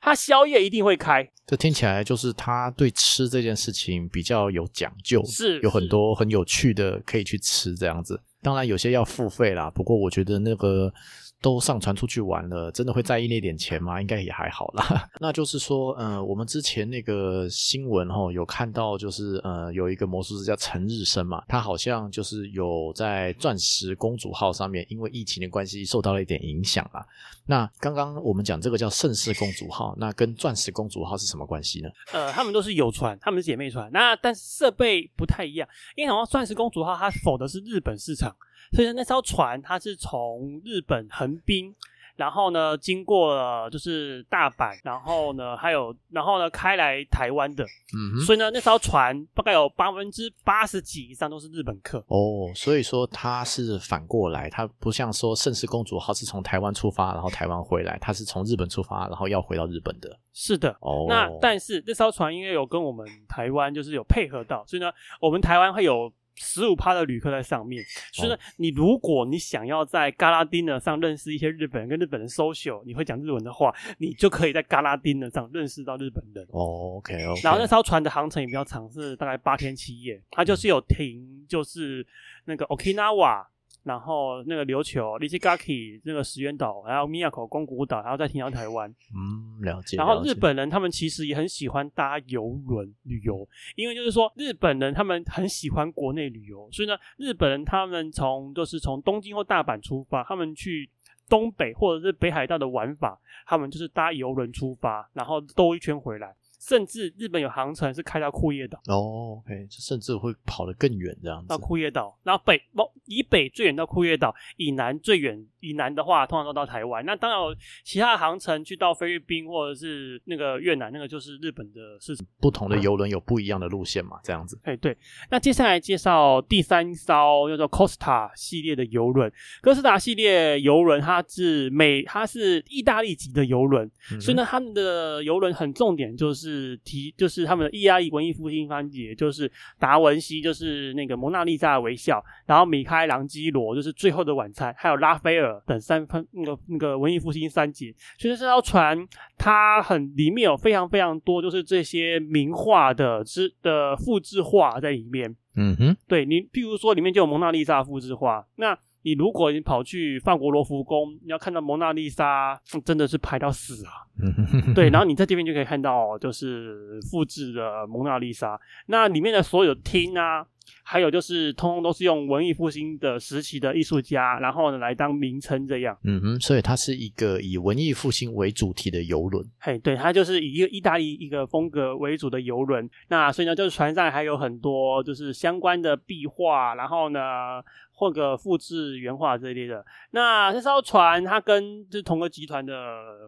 它宵夜一定會開。這聽起來就是他對吃這件事情比較有講究，是有很多很有趣的可以去吃這樣子。當然有些要付費啦，不過我覺得那個。都上船出去玩了，真的會在意那點錢嗎？應該也還好啦。 那就是說，嗯、呃，我們之前那個新聞哈，有看到就是，呃，有一個魔術師叫陳日升嘛，他好像就是有在鑽石公主號上面，因為疫情的關係受到了一點影響啊。那剛剛我們講這個叫盛世公主號，那跟鑽石公主號是什麼關係呢？呃，他們都是遊船，他們是姐妹船，那但是設備不太一樣，因為好像鑽石公主號它走的是日本市場。所以那艘船它是從日本橫濱，然後呢經過了就是大阪，然後呢還有然後呢開來臺灣的，嗯哼，所以呢那艘船大概有百分之八十幾以上都是日本客哦，所以說它是反過來，它不像說盛世公主號是從臺灣出發然後臺灣回來，它是從日本出發然後要回到日本的，是的，哦，那但是這艘船應該有跟我們臺灣就是有配合到，所以呢我們臺灣會有十五趴的旅客在上面，所以呢、哦、你如果你想要在加拉丁呢上認識一些日本人跟日本人 social，你會講日文的話，你就可以在加拉丁呢上認識到日本人。哦、OK，okay 然後那艘船的航程也比較長，是大概八天七夜，它就是有停就是、嗯，就是那個 Okinawa。然後那個琉球 l i z a k 那個石垣島，然後 m i 口，a k o 宮古島，然後再停到台灣。嗯了，了解。然後日本人他們其實也很喜歡搭遊輪旅遊，因為就是說日本人他們很喜歡國內旅遊，所以呢，日本人他們從就是從東京或大阪出發，他們去東北或者是北海道的玩法，他們就是搭遊輪出發，然後兜一圈回來。甚至日本有航程是開到庫頁島哦，OK，就甚至會跑得更遠這樣子。到庫頁島，然後北以北最遠到庫頁島，以南最遠以南的話，通常都到台灣。那當然，其他的航程去到菲律賓或者是那個越南，那個就是日本的是什麼不同的遊輪有不一樣的路線嘛，嗯、這樣子。哎、hey,，對。那接下來介紹第三艘叫做 Costa 系列的游輪，Costa 系列遊輪它是美，它是意大利籍的遊輪、嗯，所以呢，他們的遊輪很重點就是。是提就是他們的 E R E 文藝復興三傑，就是達文西，就是那個蒙娜麗莎的微笑，然後米開朗基羅就是最後的晚餐，還有拉斐爾等三分那個那個文藝復興三傑。其實這條船它很裡面有非常非常多，就是這些名畫的之的複製畫在裡面。嗯哼，對你，譬如說裡面就有蒙娜麗莎的複製畫，那。你如果你跑去法國羅浮宮，你要看到蒙娜麗莎，真的是排到死啊！ 對，然後你在這邊就可以看到，就是複製的蒙娜麗莎。那裡面的所有廳啊，還有就是通通都是用文藝復興的時期的藝術家，然後呢來當名稱這樣。嗯哼，所以它是一個以文藝復興為主題的遊輪。嘿，對，它就是以一個意大利一個風格為主的遊輪。那所以呢，就是船上還有很多就是相關的壁畫，然後呢。換個複製原畫這一類的，那這艘船它跟就同個集團的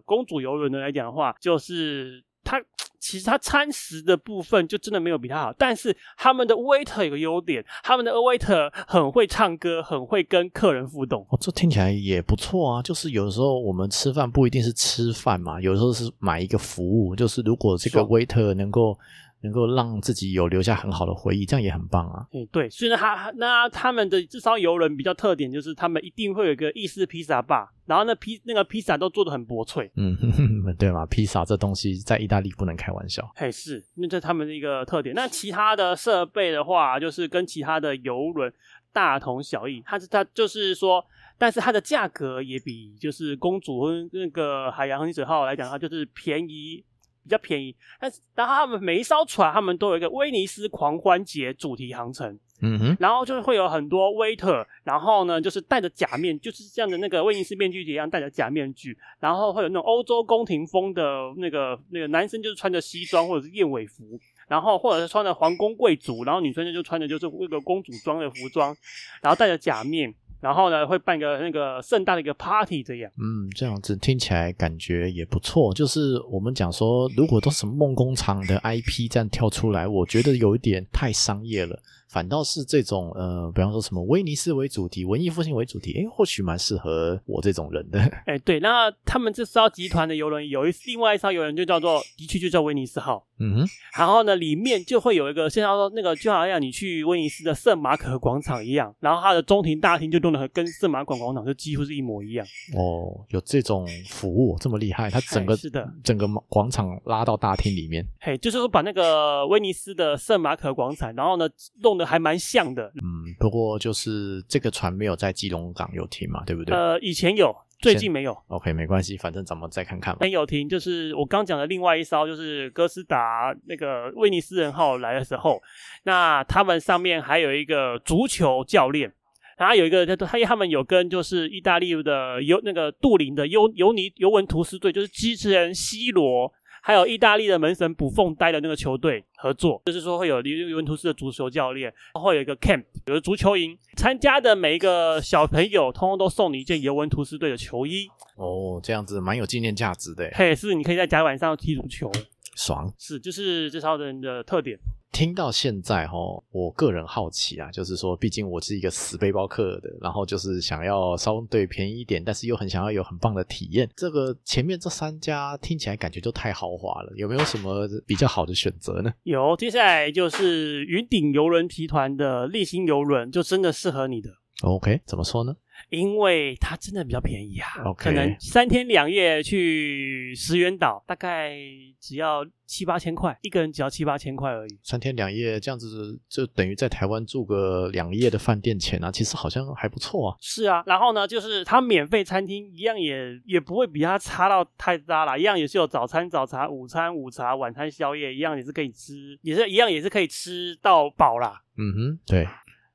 公主遊輪的來講的話，就是它其實它餐食的部分就真的沒有比它好，但是他們的 waiter 有個優點，他們的 waiter 很會唱歌，很會跟客人互動。哦，這聽起來也不錯啊，就是有時候我們吃飯不一定是吃飯嘛，有時候是買一個服務，就是如果這個 waiter 能夠。能夠讓自己有留下很好的回憶，這樣也很棒啊。嗯，對，雖然他那他們的這艘遊輪比較特點就是他們一定會有一個意式披薩吧，然後那披那個披薩都做得很薄脆。嗯呵呵，對嘛，披薩這東西在意大利不能開玩笑。嘿，是，那這是他們的一個特點。那其他的設備的話，就是跟其他的遊輪大同小異。它是它就是說，但是它的價格也比就是公主和那個海洋奇水號來講的話，它就是便宜。比較便宜，但是，然後他們每一艘船，他們都有一個威尼斯狂歡節主題航程，嗯哼，然後就是會有很多 waiter，然後呢就是戴着假面，就是這樣的那個威尼斯面具節一樣戴着假面具，然後會有那種歐洲宮廷風的那個那個男生就是穿着西裝或者是燕尾服，然後或者是穿着皇宮貴族，然後女生就就穿着就是那個公主裝的服裝，然後戴着假面。然後呢，會辦個那個盛大的一個 party 這樣。嗯，這樣子聽起來感覺也不錯。就是我們講說，如果都是夢工廠的 IP 這樣跳出來，我覺得有一點太商業了。反倒是這種，呃，比方說什麼威尼斯為主題、文藝復興為主題，哎、欸，或許蠻適合我這種人的。哎、欸，對，那他們這艘集團的遊輪，有一另外一艘遊輪就叫做，的確就叫威尼斯號。嗯哼。然後呢，裡面就會有一個，現在說那個就好像你去威尼斯的聖馬可廣場一樣，然後它的中庭大廳就弄得和跟聖馬可廣場就幾乎是一模一樣。哦，有這種服務這麼厲害？它整個、欸、是的，整個廣場拉到大廳裡面。嘿、欸，就是說把那個威尼斯的聖馬可廣場，然後呢弄。還蠻像的，嗯，不過就是這個船沒有在基隆港有停嘛，對不對？呃，以前有，最近沒有。OK，沒關係，反正咱們再看看。沒有停就是我剛講的另外一艘，就是哥詩達那個威尼斯人號來的時候，那他們上面還有一個足球教練，然後他有一個叫做他，他們有跟就是意大利的尤那個杜林的尤尤尼尤文圖斯隊，就是機器人 C 羅。還有意大利的門神布馮帶的那個球隊合作，就是說會有尤文圖斯的足球教練，然後有一個 camp，有個足球營，參加的每一個小朋友，通通都送你一件尤文圖斯隊的球衣。哦，這樣子蠻有紀念價值的。嘿，是，你可以在甲板上踢足球，爽。是，就是這超人的特點。聽到現在哈、哦，我個人好奇啊，就是說，畢竟我是一個死背包客的，然後就是想要稍微對便宜一點，但是又很想要有很棒的體驗。這個前面這三家聽起來感覺就太豪華了，有沒有什麼比較好的選擇呢？有，接下來就是雲頂遊輪集團的麗星遊輪，就真的適合你的。OK，怎麼說呢？因為它真的比較便宜啊，okay、可能三天兩夜去石垣島，大概只要七八千塊，一個人只要七八千塊而已。三天兩夜這樣子，就等於在台灣住個兩夜的飯店錢啊，其實好像還不錯啊。是啊，然後呢，就是它免費餐廳一樣也也不會比它差到太大啦，一樣也是有早餐早茶、午餐午茶、晚餐宵夜，一樣也是可以吃，也是一樣也是可以吃到飽啦。嗯哼，對。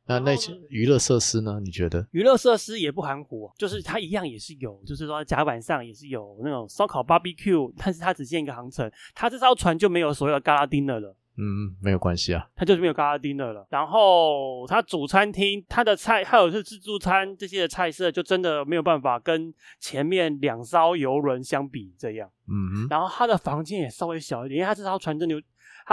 那那些娛樂設施呢？你覺得娛樂設施也不含糊，就是它一樣也是有，就是說甲板上也是有那種燒烤 BBQ，但是它只限一個航程，它這艘船就沒有所謂的 Gala Dinner 了嗯。嗯，沒有關係啊，它就是沒有 Gala Dinner 了。然後它主餐廳它的菜還有是自助餐這些的菜色，就真的沒有辦法跟前面兩艘游輪相比這樣。嗯，嗯，然後它的房間也稍微小一點，因為它這艘船真的有。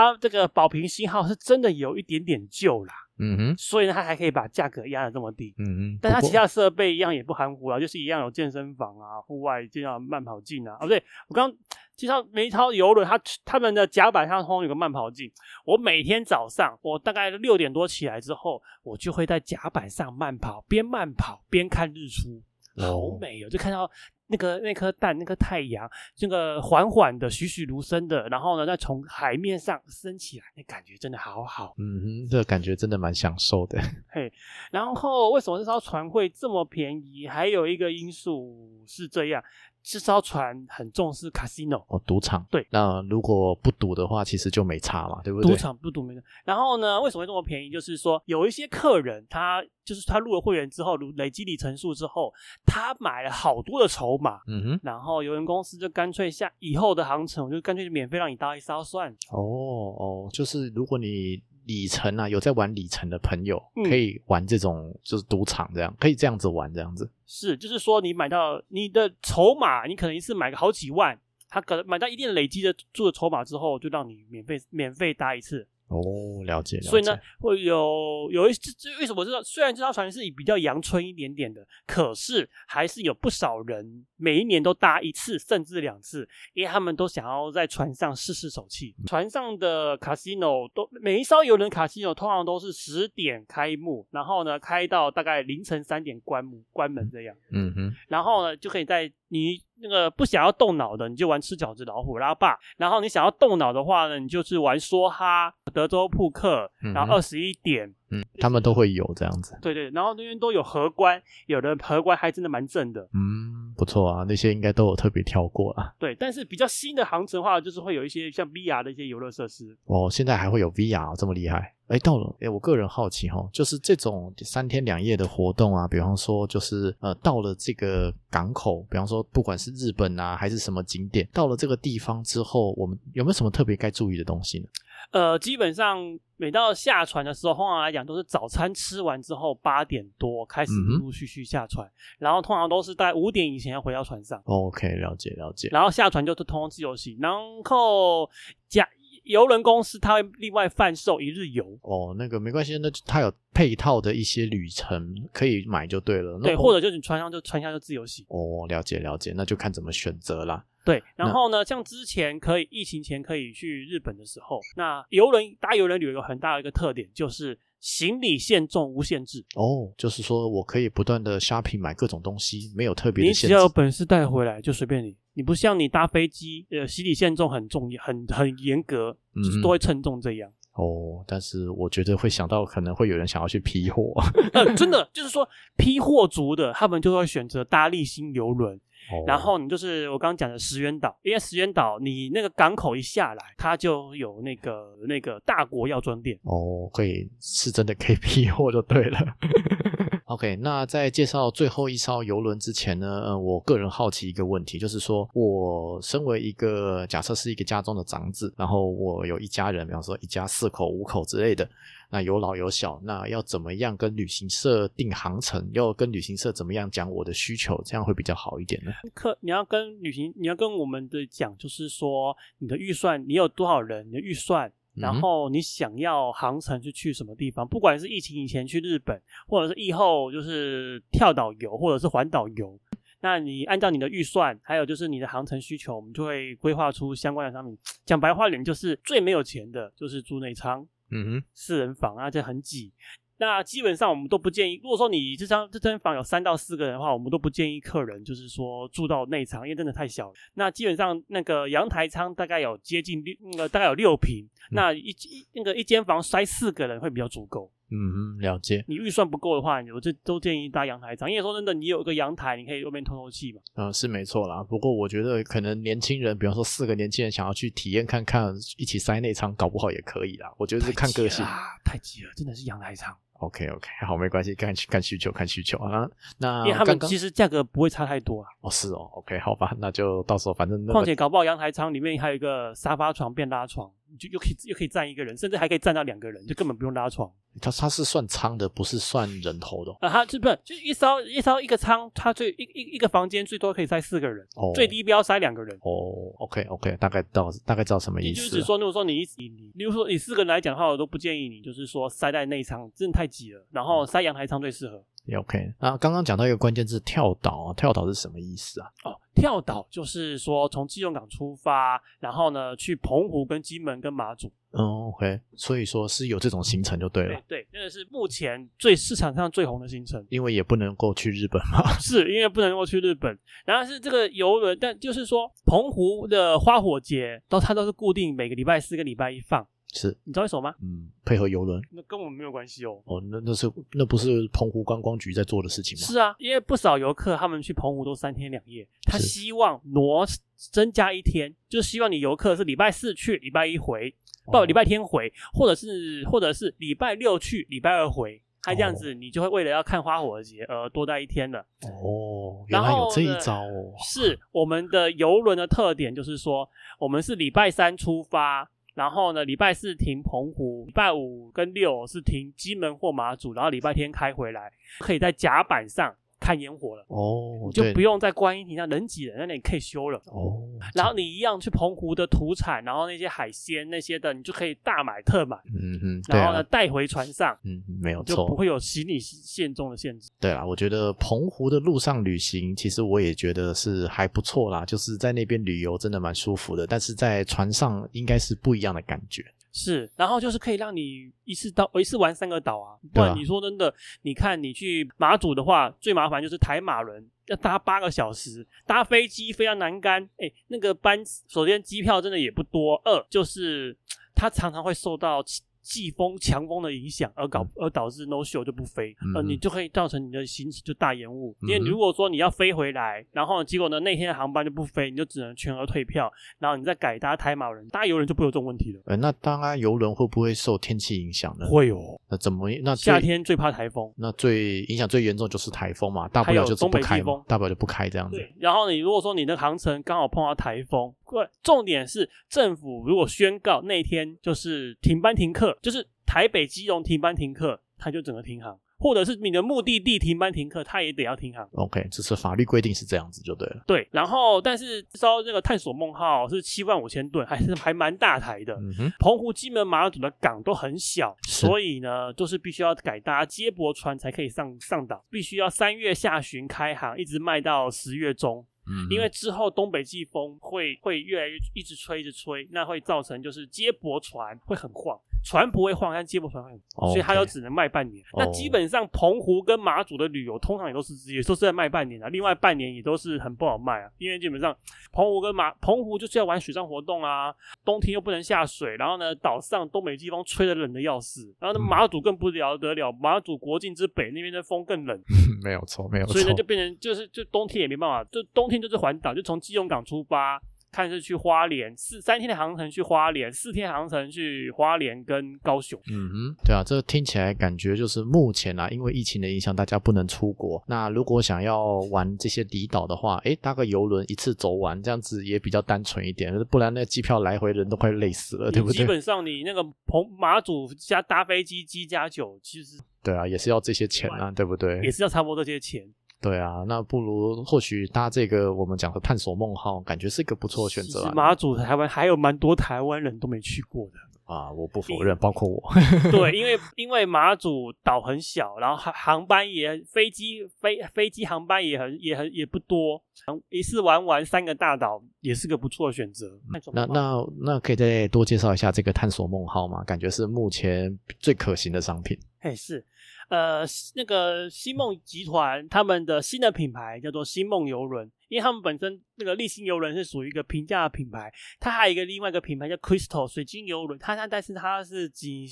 它、啊、這個寶瓶星號是真的有一點點舊啦，嗯哼，所以呢，它還可以把價格壓得這麼低，嗯哼，但它其他設備一樣也不含糊啊、嗯，就是一樣有健身房啊，戶外就像慢跑徑啊，哦不對，我剛剛介紹每艘遊輪，它他們的甲板上通有個慢跑徑，我每天早上我大概六點多起來之後，我就會在甲板上慢跑，邊慢跑邊看日出，好美哦，就看到。那顆那顆蛋，那顆太陽，這個緩緩的、栩栩如生的，然後呢，再從海面上升起來，那感覺真的好好，嗯，這個、感覺真的蠻享受的。嘿、hey，然後為什麼那艘船會這麼便宜？還有一個因素是這樣。這艘船很重視 casino，哦，賭場。對，那如果不賭的話，其實就沒差嘛，對不對？賭場不賭沒差。然後呢，為什麼會這麼便宜？就是說，有一些客人，他就是他入了會員之後，如累積里程數之後，他買了好多的籌碼，嗯哼，然後遊輪公司就乾脆像以後的航程，我就乾脆免費讓你搭一艘算。哦哦，就是如果你。里程啊，有在玩里程的朋友，可以玩這種就是賭場這樣，嗯，可以這樣子玩這樣子。是，就是說你買到你的籌碼，你可能一次買個好幾萬，他可能買到一定累積的注的籌碼之後，就讓你免費免費搭一次。哦，了解，了解。所以呢，會有有一這這為什麼？這，這，這我知道，雖然這條船是以比較陽春一點點的，可是還是有不少人每一年都搭一次，甚至兩次，因為他們都想要在船上試試手氣。嗯、船上的 Casino 都每一艘遊輪 Casino 通常都是十點開幕，然後呢開到大概凌晨三點關、關門這樣嗯。嗯哼，然後呢就可以在你。那個不想要動腦的，你就玩吃角子、老虎拉霸，然後你想要動腦的話呢，你就是玩梭哈、德州撲克，然後二十一點、嗯。嗯，他們都會有這樣子。對對，然後那邊都有荷官，有的荷官還真的蠻正的。嗯，不錯啊，那些應該都有特別挑過啊。對，但是比較新的航程的話，就是會有一些像 VR 的一些遊樂設施。哦，現在還會有 VR、哦、這麼厲害？哎，到了哎，我個人好奇哈、哦，就是這種三天兩夜的活動啊，比方說就是呃，到了這個港口，比方說不管是日本啊還是什麼景點，到了這個地方之後，我們有沒有什麼特別該注意的東西呢？呃，基本上每到下船的時候，通常來講都是早餐吃完之後八點多開始陸陸續續下船、嗯，然後通常都是在五點以前要回到船上。哦、OK，了解了解。然後下船就是通通自由行，然後加遊輪公司，它會另外販售一日遊。哦，那個沒關係，那它有配套的一些旅程可以買就對了。對，或者就是你船上就船下就自由行。哦，了解了解，那就看怎麼選擇啦。對，然後呢？像之前可以疫情前可以去日本的時候，那遊輪搭遊輪旅遊有很大的一個特點就是行李限重無限制哦，就是說我可以不斷的 shopping 買各種東西，沒有特別的限制。你只要有本事帶回來、嗯、就隨便你，你不像你搭飛機，呃，行李限重很重，很很嚴格，就是都會稱重這樣嗯嗯。哦，但是我覺得會想到可能會有人想要去批貨， 嗯、真的就是說批貨族的，他們就會選擇搭麗星遊輪。哦、然後你就是我剛剛講的石垣島，因為石垣島你那個港口一下來，它就有那個那個大國藥妝店哦，可以是真的可以批貨就對了。 OK，那在介紹最後一艘郵輪之前呢，嗯、我個人好奇一個問題，就是說我身為一個假設是一個家中的長子，然後我有一家人，比方說一家四口五口之類的。那有老有小，那要怎麼樣跟旅行社定航程？要跟旅行社怎麼樣講我的需求，這樣會比較好一點呢？客，你要跟旅行，你要跟我們的講，就是說你的預算，你有多少人，你的預算，然後你想要航程是去，去什麼地方，嗯？不管是疫情以前去日本，或者是疫後就是跳島遊，或者是環島遊，那你按照你的預算，還有就是你的航程需求，我們就會規劃出相關的商品。講白話點，就是最沒有錢的就是住內艙。嗯哼，四人房啊，這很擠。那基本上我們都不建議，如果說你這張這間房有三到四個人的話，我們都不建議客人就是說住到內艙，因為真的太小了。那基本上那個陽台艙大概有接近六，那個大概有六坪。那一一、嗯、那個一間房塞四個人會比較足夠。嗯哼，了解。你預算不夠的話，你我這都建議搭陽台艙，因為說真的，你有一個陽台，你可以外面透透氣嘛。嗯，是沒錯啦，不過我覺得可能年輕人，比方說四個年輕人想要去體驗看看，一起塞內艙，搞不好也可以啦。我覺得是看個性啊，太擠了，真的是陽台艙。OK OK，好，沒關係，看需看需求看需求啊。那，那因為他們其實價格不會差太多啊。哦，是哦。OK，好吧，那就到時候反正、那個、況且搞不好陽台艙裡面還有一個沙發床變拉床，你就又可以又可以站一個人，甚至還可以站到兩個人，就根本不用拉床。他他是算倉的，不是算人頭的、哦。啊、呃，他是不是，就一燒一燒一個倉，他最一一一個房間最多可以塞四個人，oh, 最低不要塞兩個人。哦、oh，OK OK，大概到大概知道什麼意思。就是說，如果說你一你，例如說你四個人來講的話，我都不建議你，就是說塞在內倉，真的太擠了。然後塞陽台倉最適合。嗯 Yeah, OK，那剛剛講到一個關鍵字“跳島”啊，跳島是什麼意思啊？哦，跳島就是說，從基隆港出發，然後呢去澎湖、跟金門、跟馬祖。嗯、oh，OK，所以說是有這種行程就對了。對，對，這個是目前最市場上最紅的行程。因為也不能夠去日本嘛， 是因為不能夠去日本，然後是這個遊輪，但就是說澎湖的花火節都它都是固定每個禮拜四跟禮拜一放。是，你知道為什麼嗎？嗯，配合遊輪，那跟我們沒有關係哦。哦，那那是那不是澎湖觀光局在做的事情嗎？是啊，因為不少遊客他們去澎湖都三天兩夜，他希望挪增加一天，是就希望你遊客是禮拜四去，禮拜一回，或、哦、禮拜天回，或者是或者是禮拜六去，禮拜二回，他這樣子你就會為了要看花火節而、呃、多待一天了。哦，原來有這一招哦。是我們的遊輪的特點，就是說我們是禮拜三出發。然後呢，禮拜四停澎湖，禮拜五跟六是停金門或馬祖，然後禮拜天開回來，可以在甲板上。看煙火了哦，就不用在觀音亭上人擠人，那裡可以修了哦。然後你一樣去澎湖的土產，然後那些海鮮那些的，你就可以大買特買，嗯哼、嗯啊，然後呢帶回船上，嗯，沒有錯，就不會有行李限重的限制。對啦、啊，我覺得澎湖的路上旅行，其實我也覺得是還不錯啦，就是在那邊旅遊真的蠻舒服的，但是在船上應該是不一樣的感覺。是，然後就是可以讓你一次到，一次玩三個島啊。對，你說真的、啊，你看你去馬祖的話，最麻煩就是台馬輪要搭八個小時，搭飛機飛到南竿。誒，那個班首先機票真的也不多，二就是它常常會受到。季風、強風的影響而搞而導致 no show 就不飛，呃、嗯嗯，你就會造成你的行程就大延誤。嗯嗯，因為如果說你要飛回來，然後結果呢那天航班就不飛，你就只能全額退票，然後你再改搭台馬輪，搭郵輪就不會有這種問題了。呃，那當然，郵輪會不會受天氣影響呢？會哦。那怎麼那夏天最怕台風？那最影響最嚴重就是台風嘛，大不了就是不開東北風，大不了就不開這樣子對。然後你如果說你的航程剛好碰到台風。不，重點是政府如果宣告那天就是停班停課，就是台北基隆停班停課，它就整個停航；或者是你的目的地停班停課，它也得要停航。OK，只是法律規定是這樣子就對了。對，然後但是招這個探索夢號是七萬五千噸，還是還蠻大台的。嗯、哼澎湖、金門馬祖的港都很小，所以呢，就是必須要改搭接駁船才可以上上島，必須要三月下旬開航，一直賣到十月中。因為之後東北季風會會越來越一直吹一直吹，那會造成就是接駁船會很晃。船不會晃，但接駁船會晃，okay. 所以它就只能賣半年。Oh. 那基本上澎湖跟馬祖的旅遊，通常也都是，有時候是在賣半年啊，另外半年也都是很不好賣啊，因為基本上澎湖跟馬，澎湖就是要玩水上活動啊，冬天又不能下水，然後呢，島上東北季風吹得冷得要死，然後那、嗯、馬祖更不了得了，馬祖國境之北那邊的風更冷， 沒有錯，沒有錯，所以呢就變成就是就冬天也沒辦法，就冬天就是環島，就從基隆港出發。看是去花蓮四三天的航程去花蓮，四天的航程去花蓮跟高雄。嗯哼，對啊，這聽起來感覺就是目前啊，因為疫情的影響，大家不能出國。那如果想要玩這些離島的話，哎，搭個遊輪一次走完，這樣子也比較單純一點。不然那機票來回人都快累死了，嗯、對不對？基本上你那個澎馬祖加搭飛機機加酒、就是，其實對啊，也是要這些錢啊，對不對？也是要差不多這些錢。對啊，那不如或許搭這個我們講的探索夢號，感覺是一個不錯的選擇啊。其實馬祖台灣，還有蠻多台灣人都沒去過的啊，我不否認，包括我。 對，因為因為馬祖島很小，然後航航班，也飛機飛飛機航班也很也很也不多，一次玩完三個大島也是個不錯的選擇。那那那可以再多介紹一下這個探索夢號嗎？感覺是目前最可行的商品。嘿，是。呃，那個星夢集團他們的新的品牌叫做星夢遊輪，因為他們本身那個麗星遊輪是屬於一個平價的品牌，它還有一個另外一個品牌叫 Crystal 水晶遊輪，它它但是它是僅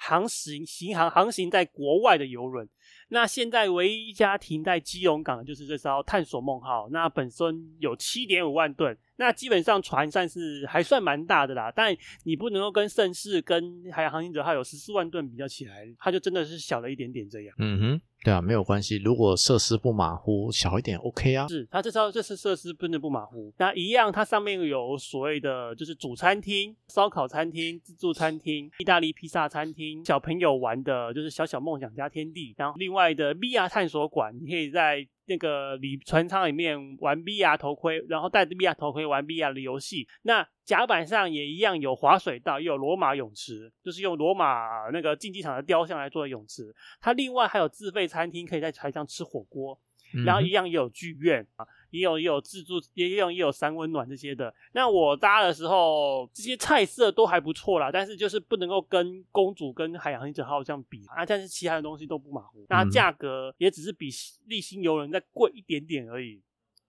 航行行航行,行,行,行在國外的遊輪。那現在唯一一家停在基隆港就是這艘探索夢號，那本身有七點五萬噸。那基本上船算是還算蠻大的啦，但你不能夠跟盛世跟海洋航行者還有十四萬噸比較起來，它就真的是小了一點點這樣。嗯哼，對啊，沒有關係，如果設施不馬虎，小一點 OK 啊。是，它這次這是設施真的不馬虎。那一樣，它上面有所謂的就是主餐廳、燒烤餐廳、自助餐廳、意大利披薩餐廳、小朋友玩的就是小小夢想家天地，然後另外的 VR 探索館，你可以在。那個裡船艙裡面玩 VR 頭盔，然後戴着 VR 頭盔玩 VR 的遊戲。那甲板上也一樣有滑水道，也有羅馬泳池，就是用羅馬那個競技場的雕像來做的泳池。它另外還有自費餐廳，可以在船上吃火鍋。然後一樣也有劇院啊，嗯、也有也有自助，也有也有三溫暖這些的。那我搭的時候，這些菜色都還不錯啦，但是就是不能夠跟公主跟海洋航行者號相比啊。但是其他的東西都不馬虎，那它價格也只是比麗星遊輪再貴一點點而已。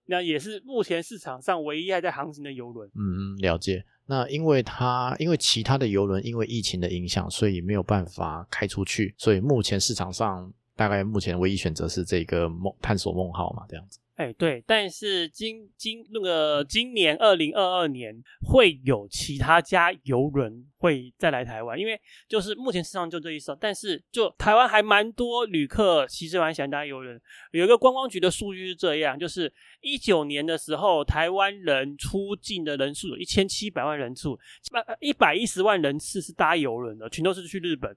那也是目前市場上唯一還在航行、行的游輪。嗯嗯，了解。那因為它因為其他的遊輪因為疫情的影響，所以沒有辦法開出去，所以目前市場上。大概目前唯一選擇是這個夢探索夢號嘛，這樣子。哎，對，但是今今那個、呃、今年二零二二年會有其他家遊輪會再來台灣，因為就是目前市場就這意思。但是就台灣還蠻多旅客其實蠻喜歡搭遊輪，有一個觀光局的數據是這樣，就是一九年的時候，台灣人出境的人數有一千七百萬人次，那一百一十萬人次是搭遊輪的，全都是去日本。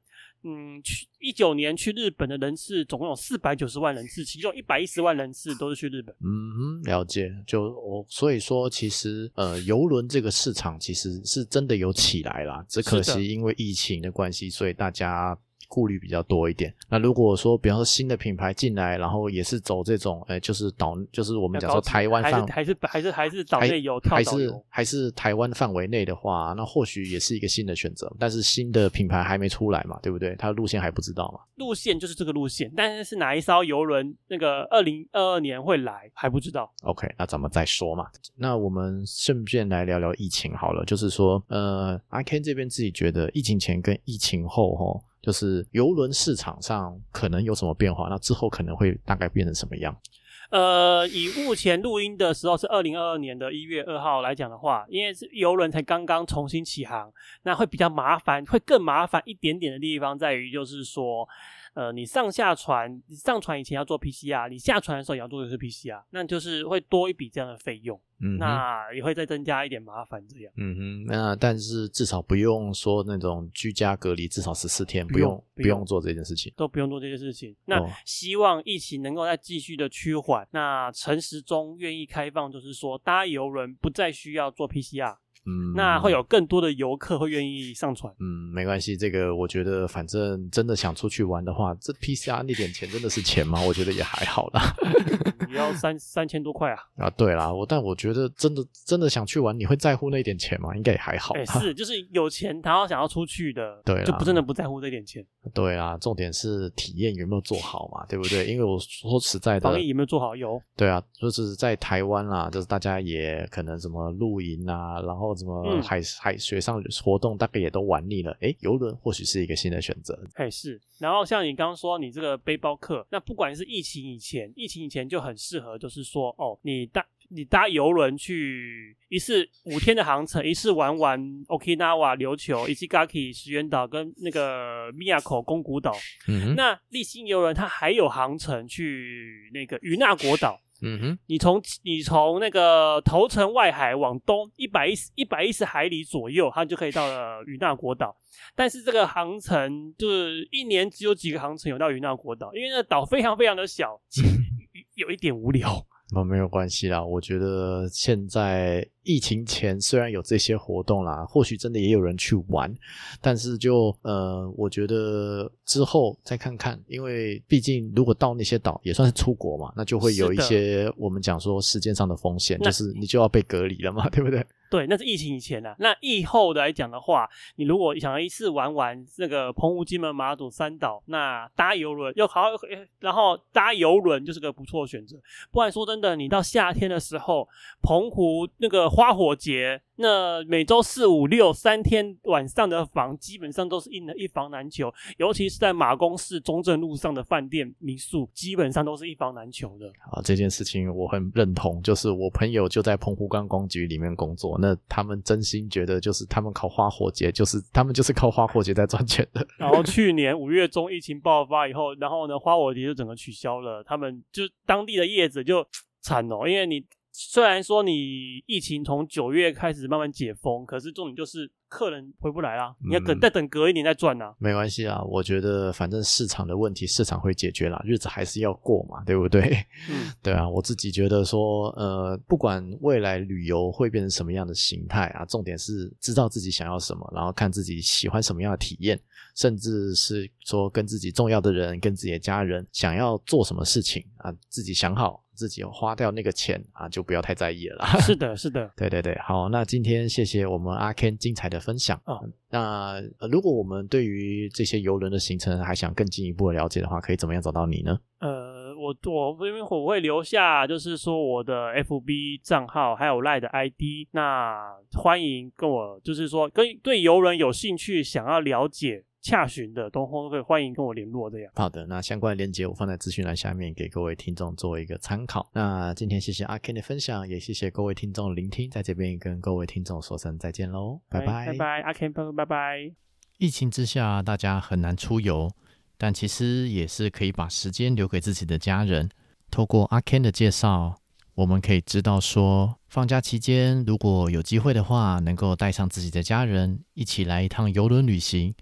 嗯，去一九年去日本的人次總共有四百九十萬人次，其中一百一十萬人次都是去日本。嗯，了解。就我所以說，其實呃，遊輪這個市場其實是真的有起來啦，只可惜因為疫情的關係，所以大家。顧慮比較多一點。那如果說，比方說新的品牌進來，然後也是走這種，呃、欸，就是島，就是我們講說台灣上，還是還是還是還是島內遊，還是還是台灣範圍內的話，那或許也是一個新的選擇。但是新的品牌還沒出來嘛，對不對？它路線還不知道嘛。路線就是這個路線，但是是哪一艘遊輪，那個二零二二年會來還不知道。OK，那咱們再說嘛。那我們順便來聊聊疫情好了，就是說，呃，阿 Ken 這邊自己覺得疫情前跟疫情後，吼。就是遊輪市場上可能有什麼變化？那之後可能會大概會變成什麼樣？呃，以目前錄音的時候是二零二二年的一月二號來講的話，因為是遊輪才剛剛重新起航，那會比較麻煩，會更麻煩一點點的地方在於，就是說。呃，你上下船，你上船以前要做 PCR，你下船的時候也要做的是 PCR，那就是會多一筆這樣的費用，嗯，那也會再增加一點麻煩這樣，嗯哼，那但是至少不用說那種居家隔離至少十四天，不用，不用，不，用不用做這件事情，都不用做這件事情。那希望疫情能夠再繼續的趨緩。哦、那陳時中願意開放，就是說搭郵輪不再需要做 PCR。嗯，那會有更多的遊客會願意上船。嗯，沒關係，這個我覺得，反正真的想出去玩的話，這 PCR 那點錢真的是錢嗎？ 我覺得也還好啦。也要三三千多塊啊？啊，對啦，我但我覺得真的真的想去玩，你會在乎那點錢嗎？應該也還好、欸。是，就是有錢，然後想要出去的，對，就不真的不在乎這點錢。對啊，重點是體驗有沒有做好嘛？對不對？因為我說實在的，防疫有沒有做好？有。對啊，就是在台灣啦、啊，就是大家也可能什麼露營啊，然後。什麼海海水上活動大概也都玩膩了，誒、欸，遊輪或許是一個新的選擇。哎、欸，是。然後像你剛剛說，你這個背包客，那不管是疫情以前，疫情以前就很適合，就是說，哦，你搭你搭遊輪去一次五天的航程，一次玩玩 Okinawa 琉球、Ishigaki 石垣島跟那個 Miyako 宮古島。嗯哼。那麗星遊輪它還有航程去那個與那國島。嗯哼，你從你從那個頭城外海往東一百一十一百一十海里左右，它就可以到了與那國島。 但是這個航程就是一年只有幾個航程有到與那國島，因為那島非常非常的小， 有一點無聊。那沒有關係啦，我覺得現在疫情前雖然有這些活動啦，或許真的也有人去玩，但是就呃，我覺得之後再看看，因為畢竟如果到那些島也算是出國嘛，那就會有一些我們講說時間上的風險，就是你就要被隔離了嘛，對不對？對，那是疫情以前的、啊。那疫後來講的話，你如果想要一次玩完那個澎湖、金門、馬祖三島，那搭遊輪又好，然後搭遊輪就是個不錯的選擇。不然說真的，你到夏天的時候，澎湖那個花火節，那每週四、五、六三天晚上的房基本上都是一房難求，尤其是在馬公市中正路上的飯店、民宿，基本上都是一房難求的。啊，這件事情我很認同，就是我朋友就在澎湖觀光局裡面工作。那他們真心覺得，就是他們靠花火節，就是他們就是靠花火節在賺錢的。然後去年五月中疫情爆發以後，然後呢，花火節就整個取消了，他們就當地的業者就慘哦。因為你雖然說你疫情從九月開始慢慢解封，可是重點就是。客人回不來啦，你要等、嗯、再等隔一年再賺呢、啊。沒關係啊，我覺得反正市場的問題市場會解決啦，日子還是要過嘛，對不對、嗯？對啊，我自己覺得說，呃，不管未來旅遊會變成什麼樣的形態啊，重點是知道自己想要什麼，然後看自己喜歡什麼樣的體驗，甚至是說跟自己重要的人、跟自己的家人想要做什麼事情啊，自己想好自己花掉那個錢啊，就不要太在意了。是的，是的， 對對對，好，那今天謝謝我們阿 Ken 精彩的。分享啊、哦，那、呃、如果我們對於這些遊輪的行程還想更進一步的了解的話，可以怎麼樣找到你呢？呃，我我因為我會留下，就是說我的 FB 賬號還有 Line 的 ID，那歡迎跟我就是說跟對遊輪有興趣想要了解。洽詢的，都可以歡迎跟我聯絡。這樣好的，那相關的鏈接我放在資訊欄下面，給各位聽眾做一個參考。那今天謝謝阿 Ken 的分享，也謝謝各位聽眾的聆聽，在這邊也跟各位聽眾說聲再見嘍，拜拜拜拜，阿 Ken，拜拜拜拜。疫情之下，大家很難出遊，但其實也是可以把時間留給自己的家人。透過阿 Ken 的介紹，我們可以知道說，放假期間如果有機會的話，能夠帶上自己的家人一起來一趟遊輪旅行。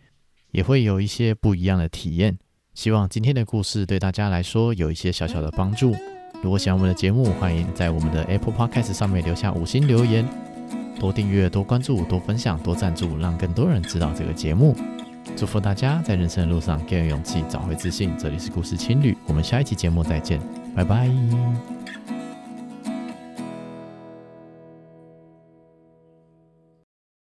也會有一些不一樣的體驗。希望今天的故事對大家來說有一些小小的幫助。如果喜歡我們的節目，歡迎在我們的 Apple Podcast 上面留下五星留言。多訂閱、多關注、多分享、多贊助，讓更多人知道這個節目。祝福大家在人生的路上更有勇氣，找回自信。這裡是故事青旅，我們下一期節目再見，拜拜。